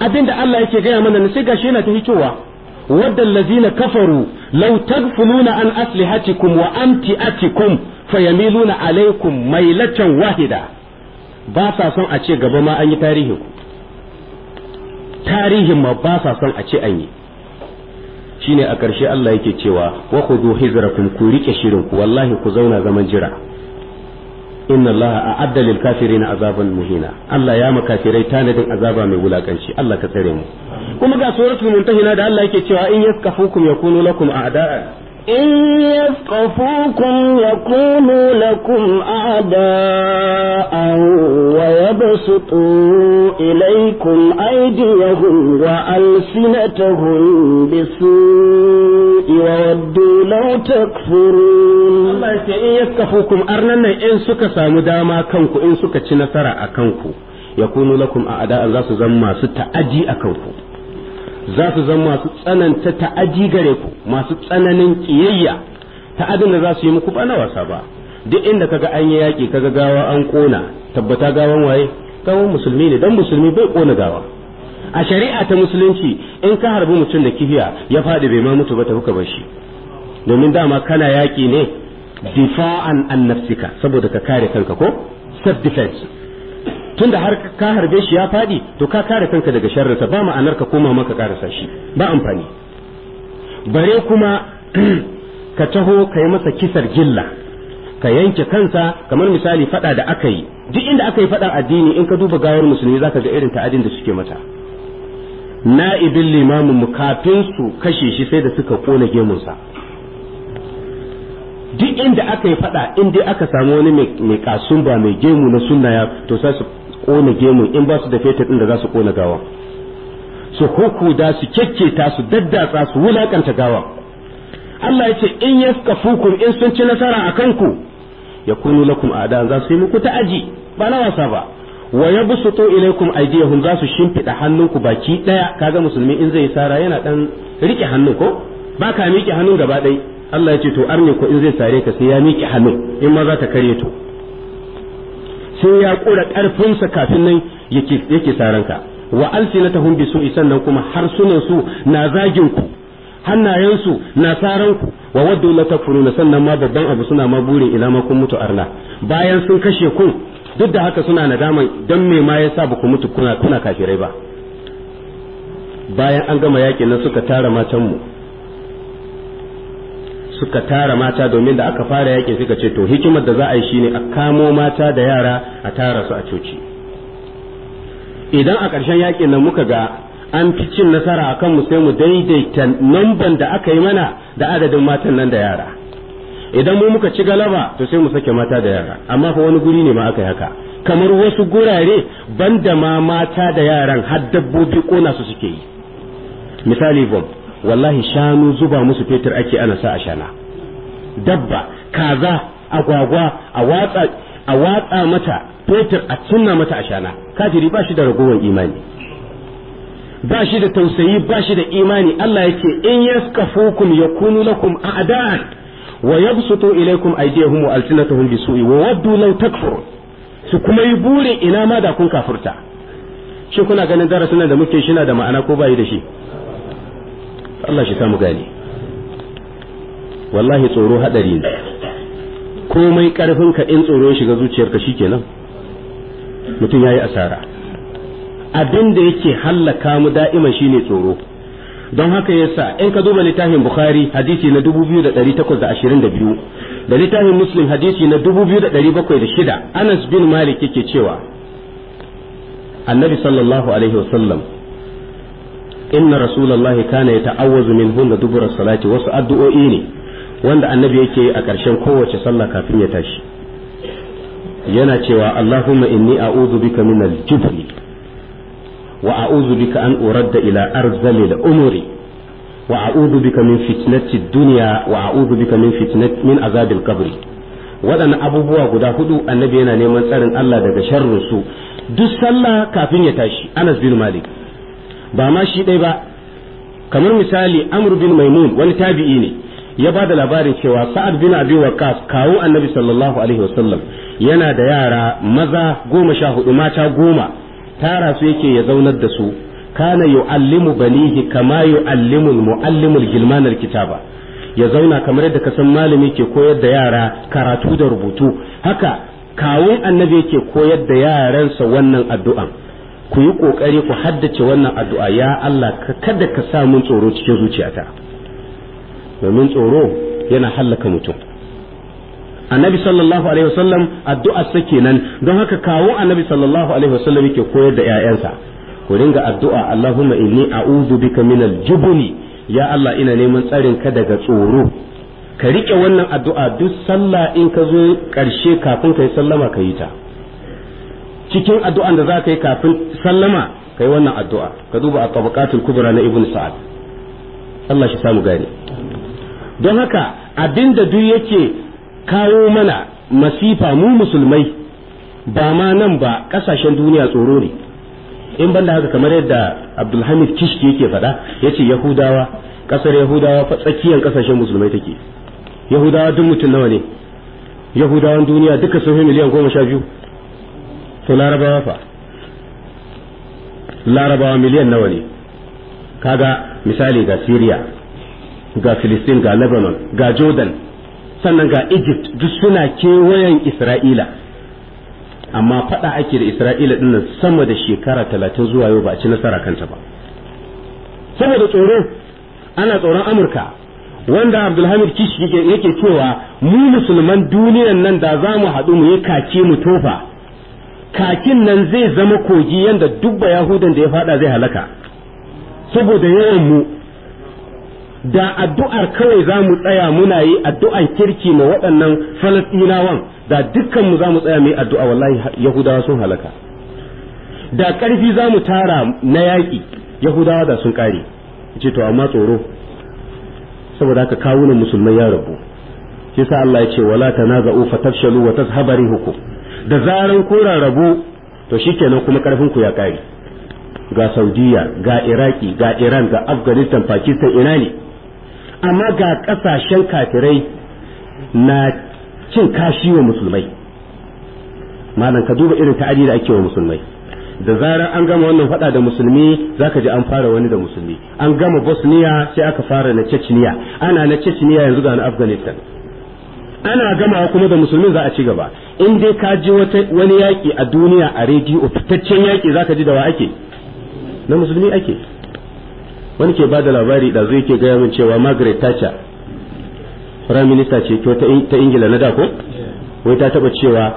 abinda Allah yake gaya mana na sai shi yana ta hitowa wadda lazina kafaru law tagfuluna an aslihatikum wa amtiatikum fayamiluna alaykum mailatan wahida ba sa son a ce gaba ma an yi tarihi ku tarihin ma ba sa son a ce an yi shine a ƙarshe Allah yake cewa wa khudhu hijrakum ku rike shirin ku wallahi ku zauna zaman jira inna Allah a'adda lil kafirin azaban muhina Allah ya kafirai tanadin azaba mai wulakanci Allah ka tsare mu kuma ga suratul muntahina da Allah yake cewa in yaskafukum yakunu lakum a'da'a إن يثقفوكم يكونوا لكم أعداء ويبسطوا إليكم أيديهم وألسنتهم بسوء ويبدو لو تكفرون الله إن يثقفوكم أرننا إن سكا سامداما كنكو إن سكا نصر أكنكو يكونوا لكم أعداء ذات زما ستة أجي أكنكو za su zama masu tsananta ta'aji gare ku masu tsananin kiyayya ta'adin da za su yi muku ba na wasa ba duk inda kaga an yi yaki kaga gawa an kona tabbata gawan waye gawan musulmi ne dan musulmi bai kona gawa a shari'a ta musulunci in ka harbi mutum da kifiya ya faɗi bai ma mutu ba ta buka ba shi domin dama kana yaƙi ne difa'an an nafsika saboda ka kare kanka ko self defense tun da har ka harbe shi ya faɗi to ka kare kanka daga sharrinsa ba ma'anar ka koma maka karasa shi ba amfani bare kuma ka taho ka yi masa kisar gilla ka yanke kansa kamar misali fada da aka yi duk inda aka yi fadan addini in ka duba gawar musulmi zaka ga irin ta'adin da suke mata na'ibin limamin mu kafin su kashe shi sai da suka kona gemunsa duk inda aka yi fada in dai aka samu wani mai kasumba mai gemu na sunna ya to sai su kona gemu in ba su da fetur ɗin da za su kona gawa su hukuda su kyakketa su daddatsa su wulakanta gawa. Allah ya ce in fukun in sun ci nasara a kanku ya yakunu lakum da za su yi muku ta'aji ba na wasa ba wa ya busu yabsutu ilaikum aidiyahum za su shimfida hannunku baki ɗaya kaga musulmi in zai sara yana ɗan riƙe hannun ko ba ka miƙe hannun gaba Allah ya ce to arne ko in zai sare ka sai ya miƙe hannun in ma za ta kare to sai ya kura karfinsa kafin nan yake yake saranka wa alsinatahum bisu'i sannan kuma harsunan su na zagin ku hannayensu na saran ku wa waddu la takfuruna sannan ma babban abu suna ma burin ila ma kun mutu arna bayan sun kashe ku duk da haka suna nadama dan me ma yasa ba ku mutu kuna kuna kafirai ba bayan an gama yakin nan suka tara matan mu suka tara mata domin da aka fara yakin suka ce to hikimar da za a yi shine a kamo mata da yara a tara su a coci idan a ƙarshen yakin nan muka ga an fi cin nasara akan mu sai mu daidaita namban da aka yi mana da adadin matan nan da yara idan mu muka ci galaba to sai mu sake mata da yara amma fa wani guri ne ma aka yi haka kamar wasu gurare banda ma mata da yaran har dabbobi kona su suke yi misali bomb wallahi shanu zuba musu fetur ake ana sa a shana dabba kaza agwagwa a watsa a watsa mata fetur a cinna mata a shana kafiri ba shi da ragowar imani ba shi da tausayi ba shi da imani Allah yake in yaskafukum yakunu lakum a'dan wa yabsutu ilaykum aydiyahum wa alsinatahum bisu'i wa waddu law takfurun su kuma yi burin ina ma da kun kafurta shi kuna ganin darasin da muke shi na da ma'ana ko bai da shi Allah shi samu gane wallahi tsoro hadari ne komai karfin ka in tsoro shiga zuciyarka shikenan mutum yayi asara abin da yake hallaka mu da'ima shine tsoro don haka yasa in ka duba littafin bukhari hadisi na 2822 da littafin muslim hadisi na 2706 anas bin malik yake cewa annabi sallallahu alaihi wasallam inna rasulullahi kana ya ta'awwazu min hunna dubura salati wasu addu'o'i ne wanda annabi yake yi a ƙarshen kowace sallah kafin ya tashi yana cewa allahumma inni a'udhu bika min al-jubni wa a'udhu bika ila arzali da umuri wa a'udhu bika min fitnati dunya wa a'udhu bika min abubuwa guda hudu annabi yana neman tsarin Allah daga sharrin su duk sallah kafin ya tashi Anas bin Malik ba ma shi ɗai ba kamar misali amr bin maimun wani tabi'i ne ya ba da labarin cewa sa'ad bin abi waqas kawo annabi sallallahu alaihi wasallam yana da yara maza goma sha hudu mata goma tara su yake ya zaunar da su kana yu'allimu banihi kama yu'allimu mu'allimul gilmanar kitaba ya zauna kamar yadda ka san malami ke koyar da yara karatu da rubutu haka kawun annabi yake koyar da yaransa wannan addu'an ku yi kokari ku haddace wannan addu'a ya Allah kada ka sa mun tsoro cikin zuciyata domin tsoro yana hallaka mutum annabi sallallahu alaihi wasallam addu'a sa kenan don haka kawo annabi sallallahu alaihi wasallam yake koyar da 'ya'yansa ku ringa addu'a Allahumma inni a'udhu bika minal jubni ya Allah ina neman tsarin ka daga tsoro ka rike wannan addu'a duk sallah in ka zo karshe kafin ka yi sallama ka yi ta cikin addu'an da za ka yi kafin sallama ka yi wannan addu'a ka duba a tabaqatul kubra na ibn sa'ad Allah shi samu gani don haka abinda duk yake kawo mana masifa mu musulmai ba ma nan ba kasashen duniya tsoro ne in banda haka kamar yadda Abdulhamid Kishki yake faɗa yace Yahudawa ƙasar Yahudawa fa tsakiyar kasashen musulmai take Yahudawa duk mutum nawa ne Yahudawan duniya duka sun miliyan goma sha biyu to larabawa fa larabawa miliyan nawa ne kaga misali ga syria ga filistin ga lebanon ga jordan sannan ga egypt duk suna kewayen isra'ila amma fada ake da isra'ila dinnan sama da shekara talatin zuwa yau ba a ci nasara kanta ba saboda tsoro ana tsoron amurka wanda abdulhamid kishi yake cewa mu musulman duniyan nan da za mu haɗu mu yi kace mu tofa kakin nan zai zama kogi yanda dubba yahudan da ya fada zai halaka saboda yawan mu da addu'ar kawai za mu tsaya muna yi addu'ar kirki ma waɗannan falastinawan da dukkanmu za mu tsaya mu yi addu'a wallahi yahudawa sun halaka da ƙarfi za mu tara na yaƙi yahudawa da sun ƙare ce to amma tsoro saboda haka kawunan musulmai ya rabu yasa Allah ya ce wala tanaza'u fatafshalu wa tazhabari hukum da zaran kun rarrabu to shikenan kuma karfin ku ya kare ga saudiya ga iraki ga iran ga afghanistan pakistan ina ne amma ga kasashen kafirai na cin kashi wa musulmai malam ka duba irin ta'adi da ake wa musulmai da zarar an gama wannan fada da musulmi zaka ji an fara wani da musulmi an gama bosniya sai aka fara na chechnya ana na chechnya yanzu ga na afghanistan ana gamawa kuma da musulmin za a ci gaba in dai ka ji wani yaƙi a duniya a rediyo fitaccen yaƙi za ka ji da wa ake na musulmi ake wani ke ba da labari da zai ke gaya min cewa margaret thatcher prime minister ce ta ingila na da wai ta taba cewa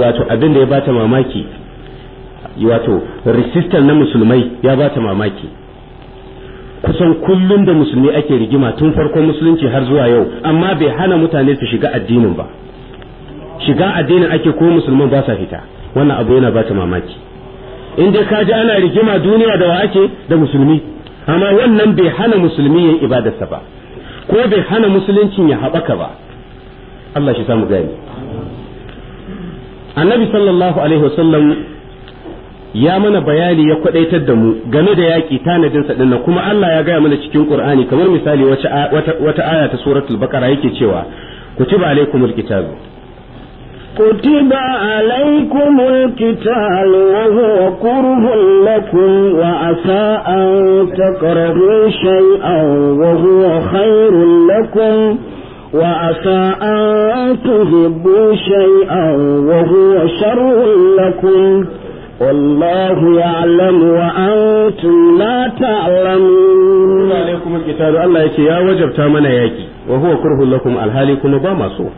wato abin da ya bata mamaki wato resistance na musulmai ya bata mamaki kusan kullum da musulmi ake rigima tun farkon musulunci har zuwa yau amma bai hana mutane su shiga addinin ba shiga addinin ake ko musulman ba sa fita wannan abu yana ba ta mamaki in dai ka ana rigima duniya da wa da musulmi amma wannan bai hana musulmi yin ibadarsa ba ko bai hana musuluncin ya haɓaka ba Allah shi samu gani annabi sallallahu alaihi wasallam ya mana bayani ya kwadaitar da mu game da yaƙi tanadin sa dinnan kuma Allah ya gaya mana cikin Qur'ani kamar misali wata wata aya ta suratul baqara yake cewa kutiba alaikumul kitabu كتب عليكم القتال وهو كره لكم وعسى أن تكرهوا شيئا وهو خير لكم وعسى أن تحبوا شيئا وهو شر لكم والله يعلم وأنتم لا تعلمون عليكم القتال الله يكي يا وجب تامنا يكي وهو كره لكم الهالي كما باما سوء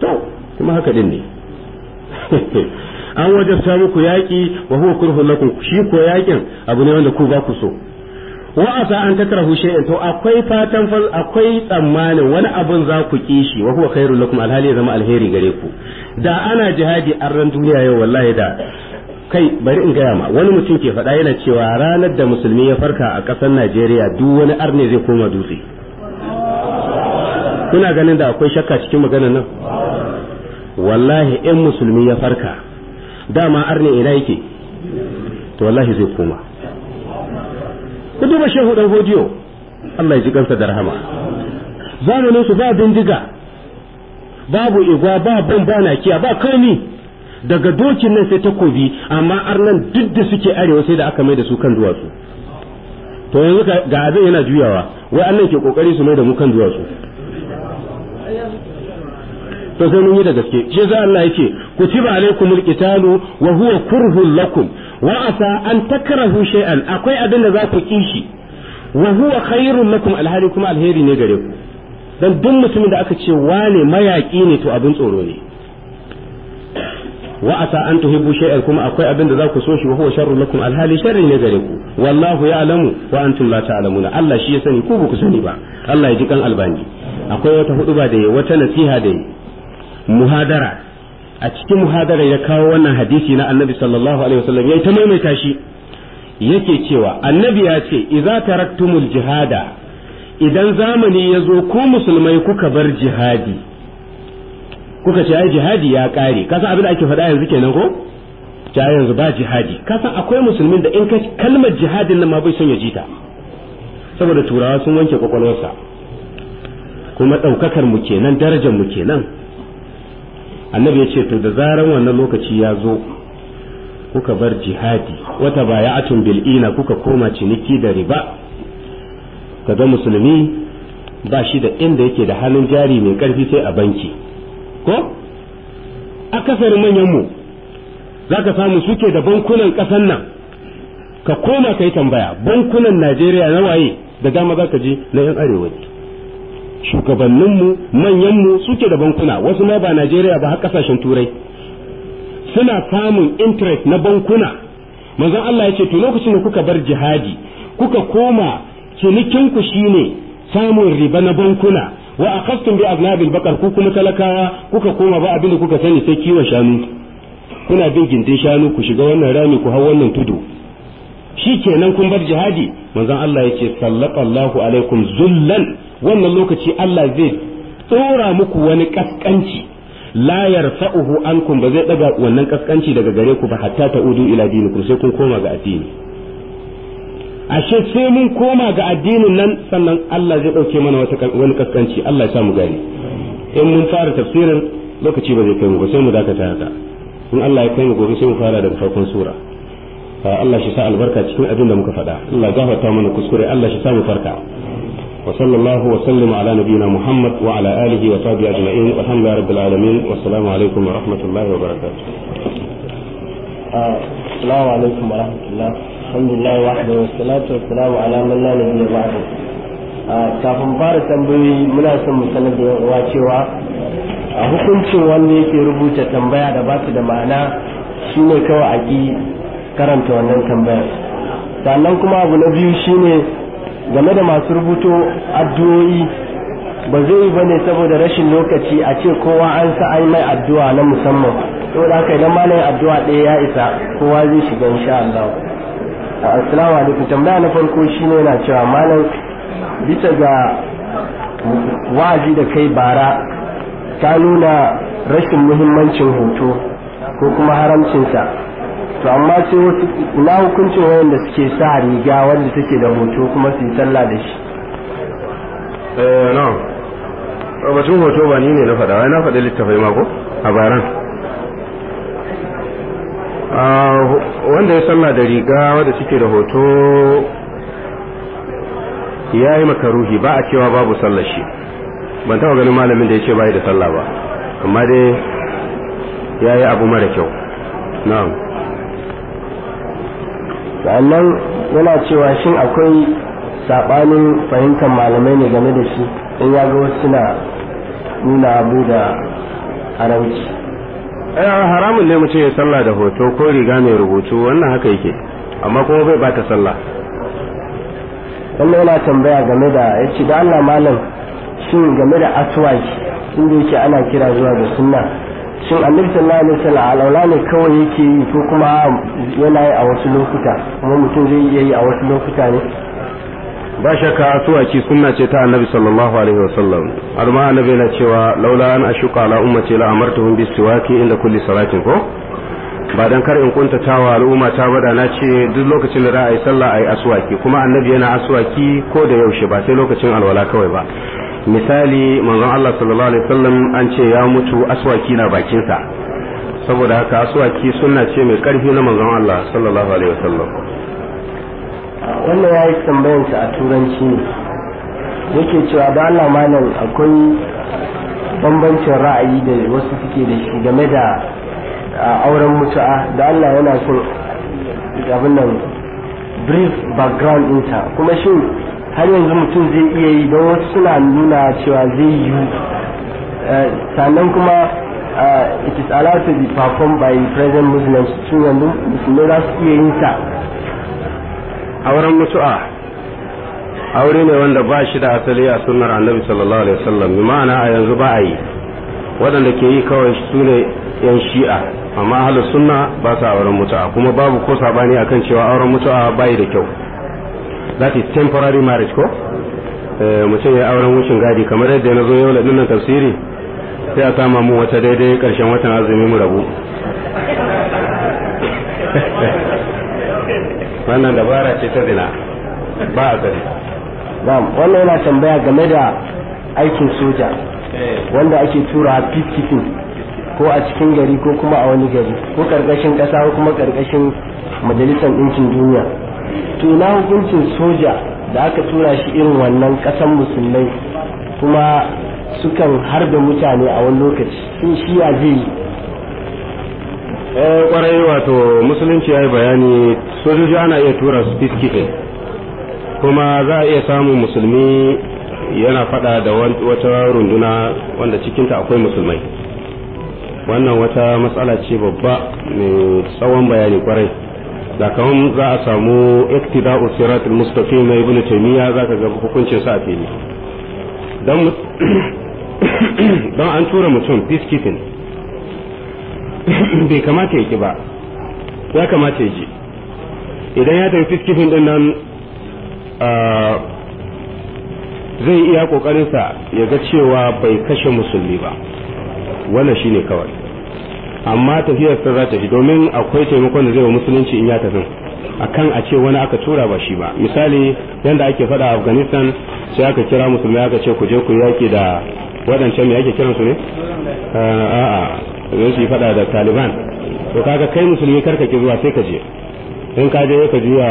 تو كما هكذا an ta muku yaƙi wa huwa kurhu lakum shi ko yaƙin abu ne wanda ku ba ku so wa asa an takrahu shay'an to akwai fatan akwai tsammanin wani abun za ku ki shi wa huwa khairul lakum alhali ya zama alheri gare ku da ana jihadi a ran duniya yau wallahi da kai bari in gaya ma wani mutum ke faɗa yana cewa ranar da musulmi ya farka a ƙasar Najeriya duk wani arne zai koma dutse kuna ganin da akwai shakka cikin maganar nan wallahi in musulmi ya farka dama arne ina yake to wallahi zai koma ku duba shehu dan hodiyo Allah ya ji kansa da rahama zamanin su ba bindiga babu igwa ba ban na kiya ba komi daga dokin nan sai takobi amma arnan duk da suke arewa sai da aka mai da su kan duwatsu to yanzu ga abin yana juyawa wai allah ke kokari su mai da mu kan duwatsu to sai mun yi da gaske shi Allah yake kutiba wa huwa lakum wa asa an takrahu shay'an akwai abin da za ku ki shi wa huwa lakum alhali kuma alheri ne gare ku dan duk mutumin da aka ce wane mayaki ne to abin tsoro ne wa asa an tuhibbu shay'an kuma akwai abin da za ku so shi wa huwa lakum alhali sharri ne gare ku wallahu ya'lamu wa antum la ta'lamuna Allah shi ya sani ku ba ku sani ba Allah ya ji kan albani akwai wata hudu ba da wata nasiha da muhadara a cikin muhadara ya kawo wannan hadisi na annabi sallallahu alaihi wasallam ya ta maimaita shi yake cewa annabi ya ce idza taraktumul jihada idan zamani ya zo ko musulmai kuka bar jihadi kuka ce ai jihadi ya kare kasan abin da ake faɗa yanzu kenan ko ta yanzu ba jihadi kasan akwai musulmin da in kalmar jihadin nan ma bai son ya ji ta saboda turawa sun wanke kwakwalwarsa kuma ɗaukakar mu kenan darajar mu kenan annabi ya ce to da zaran wannan lokaci ya zo kuka bar jihadi wata bayatun bil ina kuka koma ciniki da riba kaga musulmi ba shi da inda yake da hannun jari mai karfi sai a banki ko akasarin manyan mu zaka samu suke da bankunan ƙasan nan ka koma kai tambaya bankunan Najeriya na waye da dama zaka ji na yan arewa shugabanninmu manyanmu suke da bankuna wasu ma ba Najeriya ba har kasashen turai suna samun interest na bankuna manzon Allah ya ce to lokacin da kuka bar jihadi kuka koma cinikinku shine samun riba na bankuna wa kastin bi agnabil bakar ku kuma talakawa kuka koma ba abin da kuka sani sai kiwon shanu kuna bin gindin shanu ku shiga wannan rami ku hau wannan tudu shi kenan kun bar jihadi manzon Allah ya ce sallallahu alaikum zullan wannan lokaci Allah zai tsora muku wani kaskanci la yarfa'uhu ankum ba zai daga wannan kaskanci daga gare ku ba hatta ta'udu ila dinikum sai kun koma ga addini ashe sai mun koma ga addinin nan sannan Allah zai dauke mana wani kaskanci Allah ya sa mu gane in mun fara tafsirin lokaci ba zai kai mu ba sai mu dakata haka in Allah ya kai mu gobe sai mu fara daga farkon sura ah, Allah shi sa albarka cikin abin da muka faɗa Allah gafarta mana kuskure Allah shi sa mu farka وصلى الله وسلم على نبينا محمد وعلى آله وصحبه أجمعين والحمد لله رب العالمين والسلام عليكم ورحمة الله وبركاته السلام عليكم ورحمة الله الحمد لله وحده والصلاة والسلام على من لا نبي بعده كافم بارك tambayoyi muna son mu sanar da yawa cewa a hukuncin wanda yake rubuta tambaya da ba su da ma'ana shine kawai a karanta wannan tambayar game da masu rubuto addu'o'i ba zai yi ne saboda rashin lokaci a ce kowa an sa ai mai addu'a na musamman saboda haka idan malamin addu'a ɗaya ya isa kowa zai shiga insha Allah assalamu alaikum tambaya na farko shine yana cewa malam bisa ga wa'azi da kai bara ta nuna rashin muhimmancin hoto ko kuma haramcinsa to amma ce wasu na hukuncin wayanda suke sa riga wanda take da hoto kuma su yi sallah da shi eh na batun hoto ba ni ne na faɗa wai na faɗi littafai mako a baran wanda ya sallah da riga wanda take da hoto ya yi makaruhi ba a cewa babu sallar shi ban taɓa ganin malamin da ya ce ba da sallah ba amma dai ya yi abu mara kyau na'am sannan yana cewa shin akwai saɓanin fahimtar malamai ne game da shi in ya ga wasu suna nuna abu da haramci eh, haramun ne mace ya sallah da hoto ko riga mai rubutu wannan haka yake amma kuma bai bata sallah wannan yana tambaya game da ya ce da Allah malam shin game da asuwaki, inda yake ana kira zuwa da sunna shin annabi sallallahu alaihi wasallam alaula ne kawai yake yi ko kuma yana yi a wasu lokuta kuma mutum zai iya yi a wasu lokuta ne ba shakka asuwaki sunna ce ta annabi sallallahu alaihi wasallam har ma annabi yana cewa laula an ashuka ala ummati la amartuhum bis siwaki inda kulli salatin ko ba dan kar in kuntatawa al'umma ta bada na ce duk lokacin da za a yi sallah a yi aswaki kuma annabi yana aswaki ko da yaushe ba sai lokacin alwala kawai ba misali manzon Allah sallallahu alaihi wasallam an ce ya mutu aswaki na bakinsa saboda haka aswaki sunna ce mai karfi na manzon Allah sallallahu alaihi wasallam wannan ya yi ta a turanci ne yake cewa da Allah malam akwai bambancin ra'ayi da wasu suke da shi game da auren mutu'a da Allah yana son abin nan brief background ɗinsa kuma shin har yanzu mutum zai iya yi don wasu suna nuna cewa zai yi eh, sannan kuma eh, it is allowed to be performed by present muslims tun yanzu musulmai za su iya yin sa auren mutu'a aure ne wanda ba shi da asali a sunar annabi sallallahu alaihi wasallam bi ma'ana a yanzu ba a yi waɗanda ke yi kawai su ne yan shi'a amma ahalus sunna ba sa auren mutu'a kuma babu ko sabani akan cewa auren mutu'a bai da kyau that is temporary marriage ko eh, mutum ya auren wucin gadi kamar yadda na zo yau da dinnan tafsiri sai a kama mu wata daidai karshen watan azumi mu rabu wannan dabara ce ta zina ba a gari wannan yana tambaya game da aikin soja wanda ake tura peacekeeping ko a cikin gari ko kuma a wani gari ko karkashin kasa ko kuma karkashin majalisar ɗinkin duniya to na hukuncin soja da aka tura shi irin wannan kasan musulmai kuma sukan harbe mutane a wani lokaci in shi ya zai eh, kwarai wato musulunci ya yi bayani sojoji ana iya tura su peacekeeping kuma za a iya samun musulmi yana fada da wata runduna wanda cikinta akwai musulmai wannan wata matsala ce babba mai tsawon bayani kwarai da kaman za a samu iktida'u siratul mustaqim na ibnu taymiya za ka ga hukuncin sa a fili dan dan an tura mutum peacekeeping bai kamata yake ba ya kamata ya ji idan ya tafi peacekeeping din nan zai iya kokarinsa ya ga cewa bai kashe musulmi ba wannan shine kawai amma tafiyar sa za ta domin akwai taimakon da zai wa musulunci in ya tafi akan a ce wani aka tura ba shi ba misali yanda ake fada afghanistan sai aka kira musulmai aka ce ku je ku yaki da waɗancan me ake kiransu ne eh, a'a zai shi faɗa fada da taliban to kaga kai musulmi karka ki zuwa sai ka je in ka je ka juya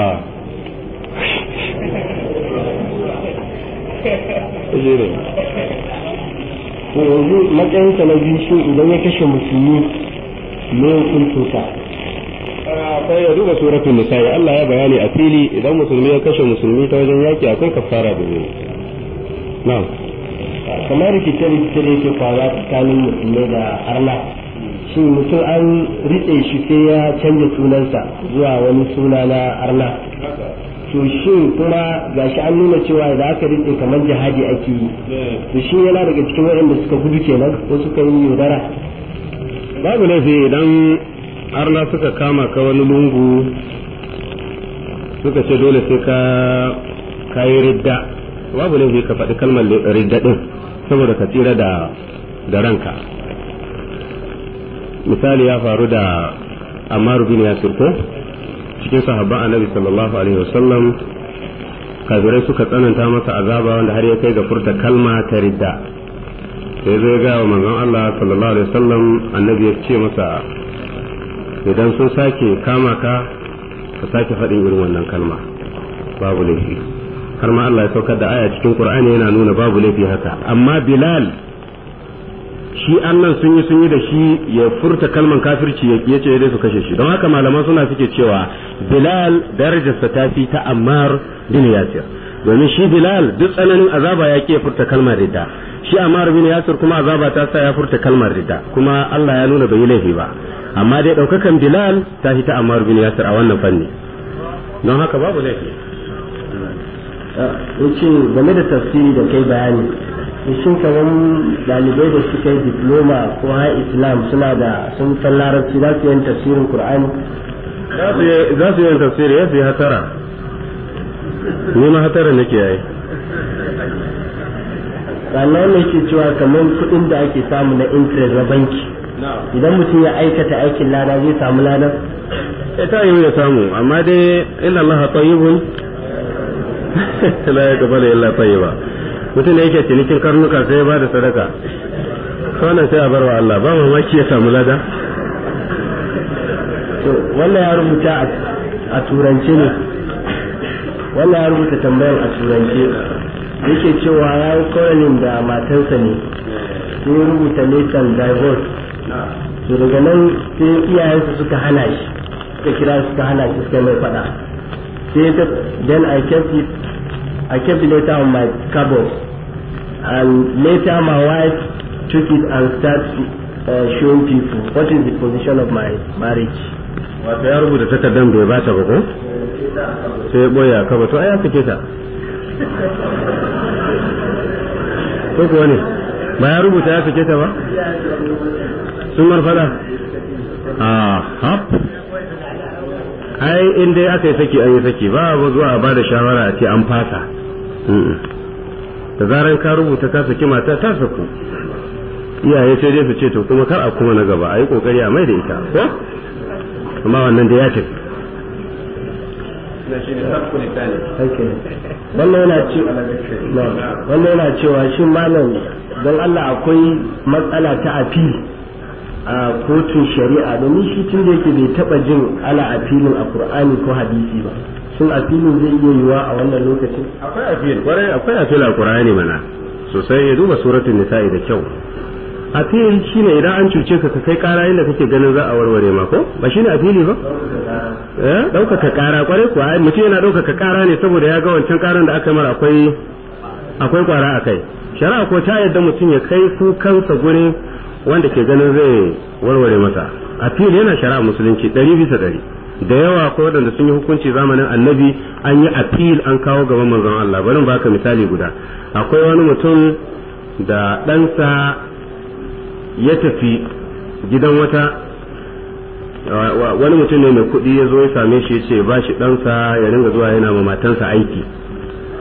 matsayin na biyu shi idan ya kashe musulmi me sun ka sai ya duba suratul nisa'i Allah ya bayani a fili idan musulmi ya kashe musulmi ta wajen yaki akwai kafara da zai na'am kamar rikice rikice da yake faruwa tsakanin musulmai da arna shi mutum an ritse shi sai ya canza sunansa zuwa wani suna na arna to shi kuma gashi an nuna cewa da aka ritse kamar jihadi ake yi to shi yana daga cikin waɗanda suka gudu kenan ko suka yi yaudara babu laifi idan har na suka kama ka wani lungu suka ce dole sai ka kayi ridda babu laifi ka faɗi kalmar ridda ɗin saboda ka tsira da da ranka misali ya faru da Ammar bin Yasir cikin sahabban Annabi sallallahu alaihi wasallam kafirai suka tsananta masa azaba wanda har ya kai ga furta kalma ta ridda sai zai gaya wa manzon Allah sallallahu alaihi wasallam annabi ya ce masa idan sun sake kama ka ka sake faɗin irin wannan kalma babu laifi har ma Allah ya saukar da aya cikin Qur'ani yana nuna babu laifi haka amma Bilal shi Allah sun yi sun yi da shi ya furta kalman kafirci ya ce dai su kashe shi don haka malaman suna suke cewa Bilal darajarsa ta fi ta Ammar bin Yasir domin shi Bilal duk tsananin azaba ya ke furta kalmar ridda shi mara bin Yasir kuma azaba ta sa ya furta kalmar rida kuma Allah ya nuna bai laifi ba amma dai daukakan Bilal ta fi ta Ammar bin Yasir a wannan fanni don haka babu laifi eh, yace game da tafsiri da kai bayani shin kamar dalibai da suka yi diploma ko ha islam suna da sun san larabci za su yi tafsirin qur'ani za su yi tafsiri ya su yi hatara ni ma hatara nake yayi sannan ne ke cewa kamar kuɗin da ake samu na interest na banki idan mutum ya aikata aikin lada zai samu lada ya eh, ta yi ya samu amma dai ina Allah tayyibun la yalla tsayi ba mutum ne yake cinikin karnuka sai ya bada sadaka wannan sai a bar wa Allah ba mamaki ya samu lada to wannan ya rubuta a turance ne wannan ya rubuta a turance yake cewa ya yi kawalin da matarsa ne sun rubuta letter divorce to daga nan sai iyayensa suka hana shi suka kira suka hana shi suka mai fada sai ta then I kept it I kept the letter on my cupboard and later my wife took it and started uh, showing people what is the position of my marriage wata ya rubuta takardar bai ba ta ba ko sai ya boya kaba to ai ya ta ko kuwa ne ba ya rubuta ya sake ta ba sun marfada a hap ai in dai aka yi saki an yi saki ba ba zuwa ba da shawara a ce an fasa da zaran ka rubuta ka saki mata ta saku iyaye sai dai su ce to kuma kar a kuma na gaba a yi kokari a mai da ita ko amma wannan da ya tafi wannan yana cewa shi malam don Allah akwai matsala ta afil a kotun shari'a domin shi tun da yake bai taba jin ala afilin a qur'ani ko hadisi ba shin afilin zai iya yiwa a wannan lokacin akwai afil kwarai akwai afil a qur'ani mana sosai ya duba suratul nisa'i da kyau shi ne idan an cuce ka ka kai kara inda kake ganin za a warware ma ko ba ne appeal ba eh kara kware kuwa ai mutum yana ɗaukaka kara ne saboda ya ga wancan karan da aka mara akwai akwai kwara kai shari'a ko ta yadda mutum ya kai su kansa gurin wanda ke ganin zai warware masa appeal yana shari'a musulunci 100 bisa ɗari da yawa ko wadanda sun yi hukunci zamanin annabi an yi afil an kawo gaban manzon Allah bari baka misali guda akwai wani mutum da ɗansa ya tafi gidan wata wani mutum ne mai kuɗi ya zo ya same shi ya ce ba shi ɗansa ya ringa zuwa yana ma matansa aiki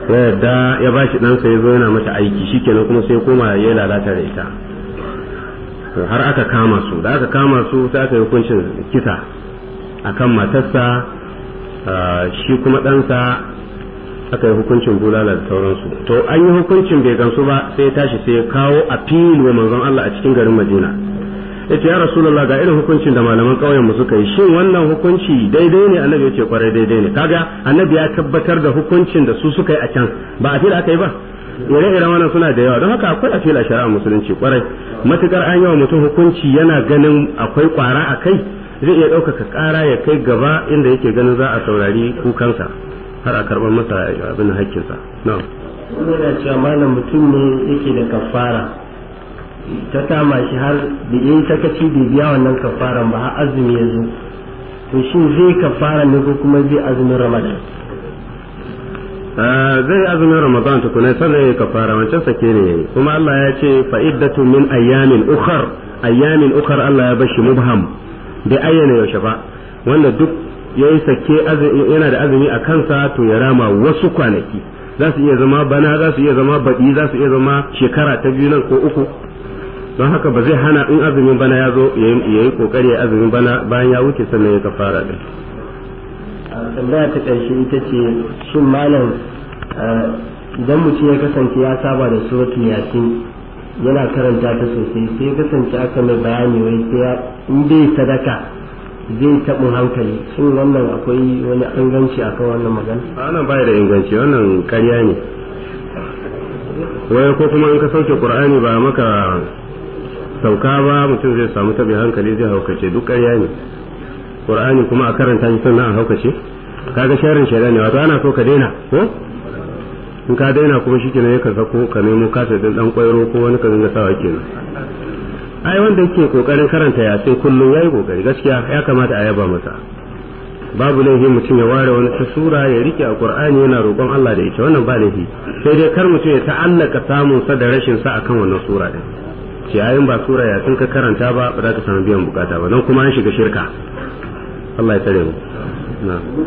ya yarda ya ba shi ɗansa ya zo yana mata aiki shikenan kuma sai koma ya lalata da ita har aka kama su da aka kama su sai aka yi hukuncin kisa akan matarsa shi kuma ɗansa aka yi hukuncin bulala da sauransu to an yi hukuncin bai gamsu ba sai tashi sai kawo a wa manzon Allah a cikin garin Madina yace ya rasulullah ga irin hukuncin da malaman kauyen mu suka yi shin wannan hukunci daidai ne annabi yace kwarai daidai ne kaga annabi ya tabbatar da hukuncin da su suka yi a can ba a fili aka yi ba ire iren wannan suna da yawa don haka akwai apil a shari'a musulunci kwarai matukar an yawa mutum hukunci yana ganin akwai kwara a kai zai iya ɗaukaka ƙara ya kai gaba inda yake ganin za a saurari kukansa har a karɓar masa eh, abin haƙƙinsa na wani da cewa malam mutum ne yake da kafara ta kama shi har da yi sakaci da biya wannan kafaran ba har azumi ya zo to shi zai kafara ne ko kuma zai azumin ramadan ah, zai azumin ramadan tukuna sannan ya kafara wancan sake ne kuma Allah ya ce fa'iddatu min ayyamin ukhar ayyamin ukhar Allah ya bashi mubham bi ayyana yaushe ba wanda duk ya yi sake yana da azumi a kansa to ya rama wasu kwanaki za su iya zama bana za su iya zama baɗi za su iya zama shekara ta biyu nan ko uku don haka ba zai hana in azumin bana ya zo ya yi kokari ya azumin bana bayan ya wuce sannan ya kafara da tambaya ta ƙarshe ita ce shin malam idan mutum ya kasance ya saba da suratul yasin yana karanta ta sosai sai ya kasance aka mai bayani wai sai in bai sadaka zai taɓin hankali sun wannan akwai wani inganci a kan wannan magana wannan bai da inganci wannan karya ne wai ko kuma in ka sauke qur'ani ba maka sauka ba mutum zai samu taɓin hankali zai haukace duk karya ne qur'ani kuma a karanta shi sannan a haukace kaga sharin shaida ne wato ana so ka daina ko in ka daina kuma shikenan ya ka sako ka nemo kasa din dan kwairo ko wani ka dinga sawa kenan ai wanda yake kokarin karanta yasin kullum yayi kokari gaskiya ya kamata a yaba masa babu laifi mutum ya ware wani ta sura ya rike a qur'ani yana roƙon Allah da ita wannan ba laifi sai dai kar mutum ya ta'allaka samun sa da rashin sa akan wannan sura din ce ayin ba sura ya sun ka karanta ba ba za ka samu biyan bukata ba don kuma an shiga shirka Allah ya tare mu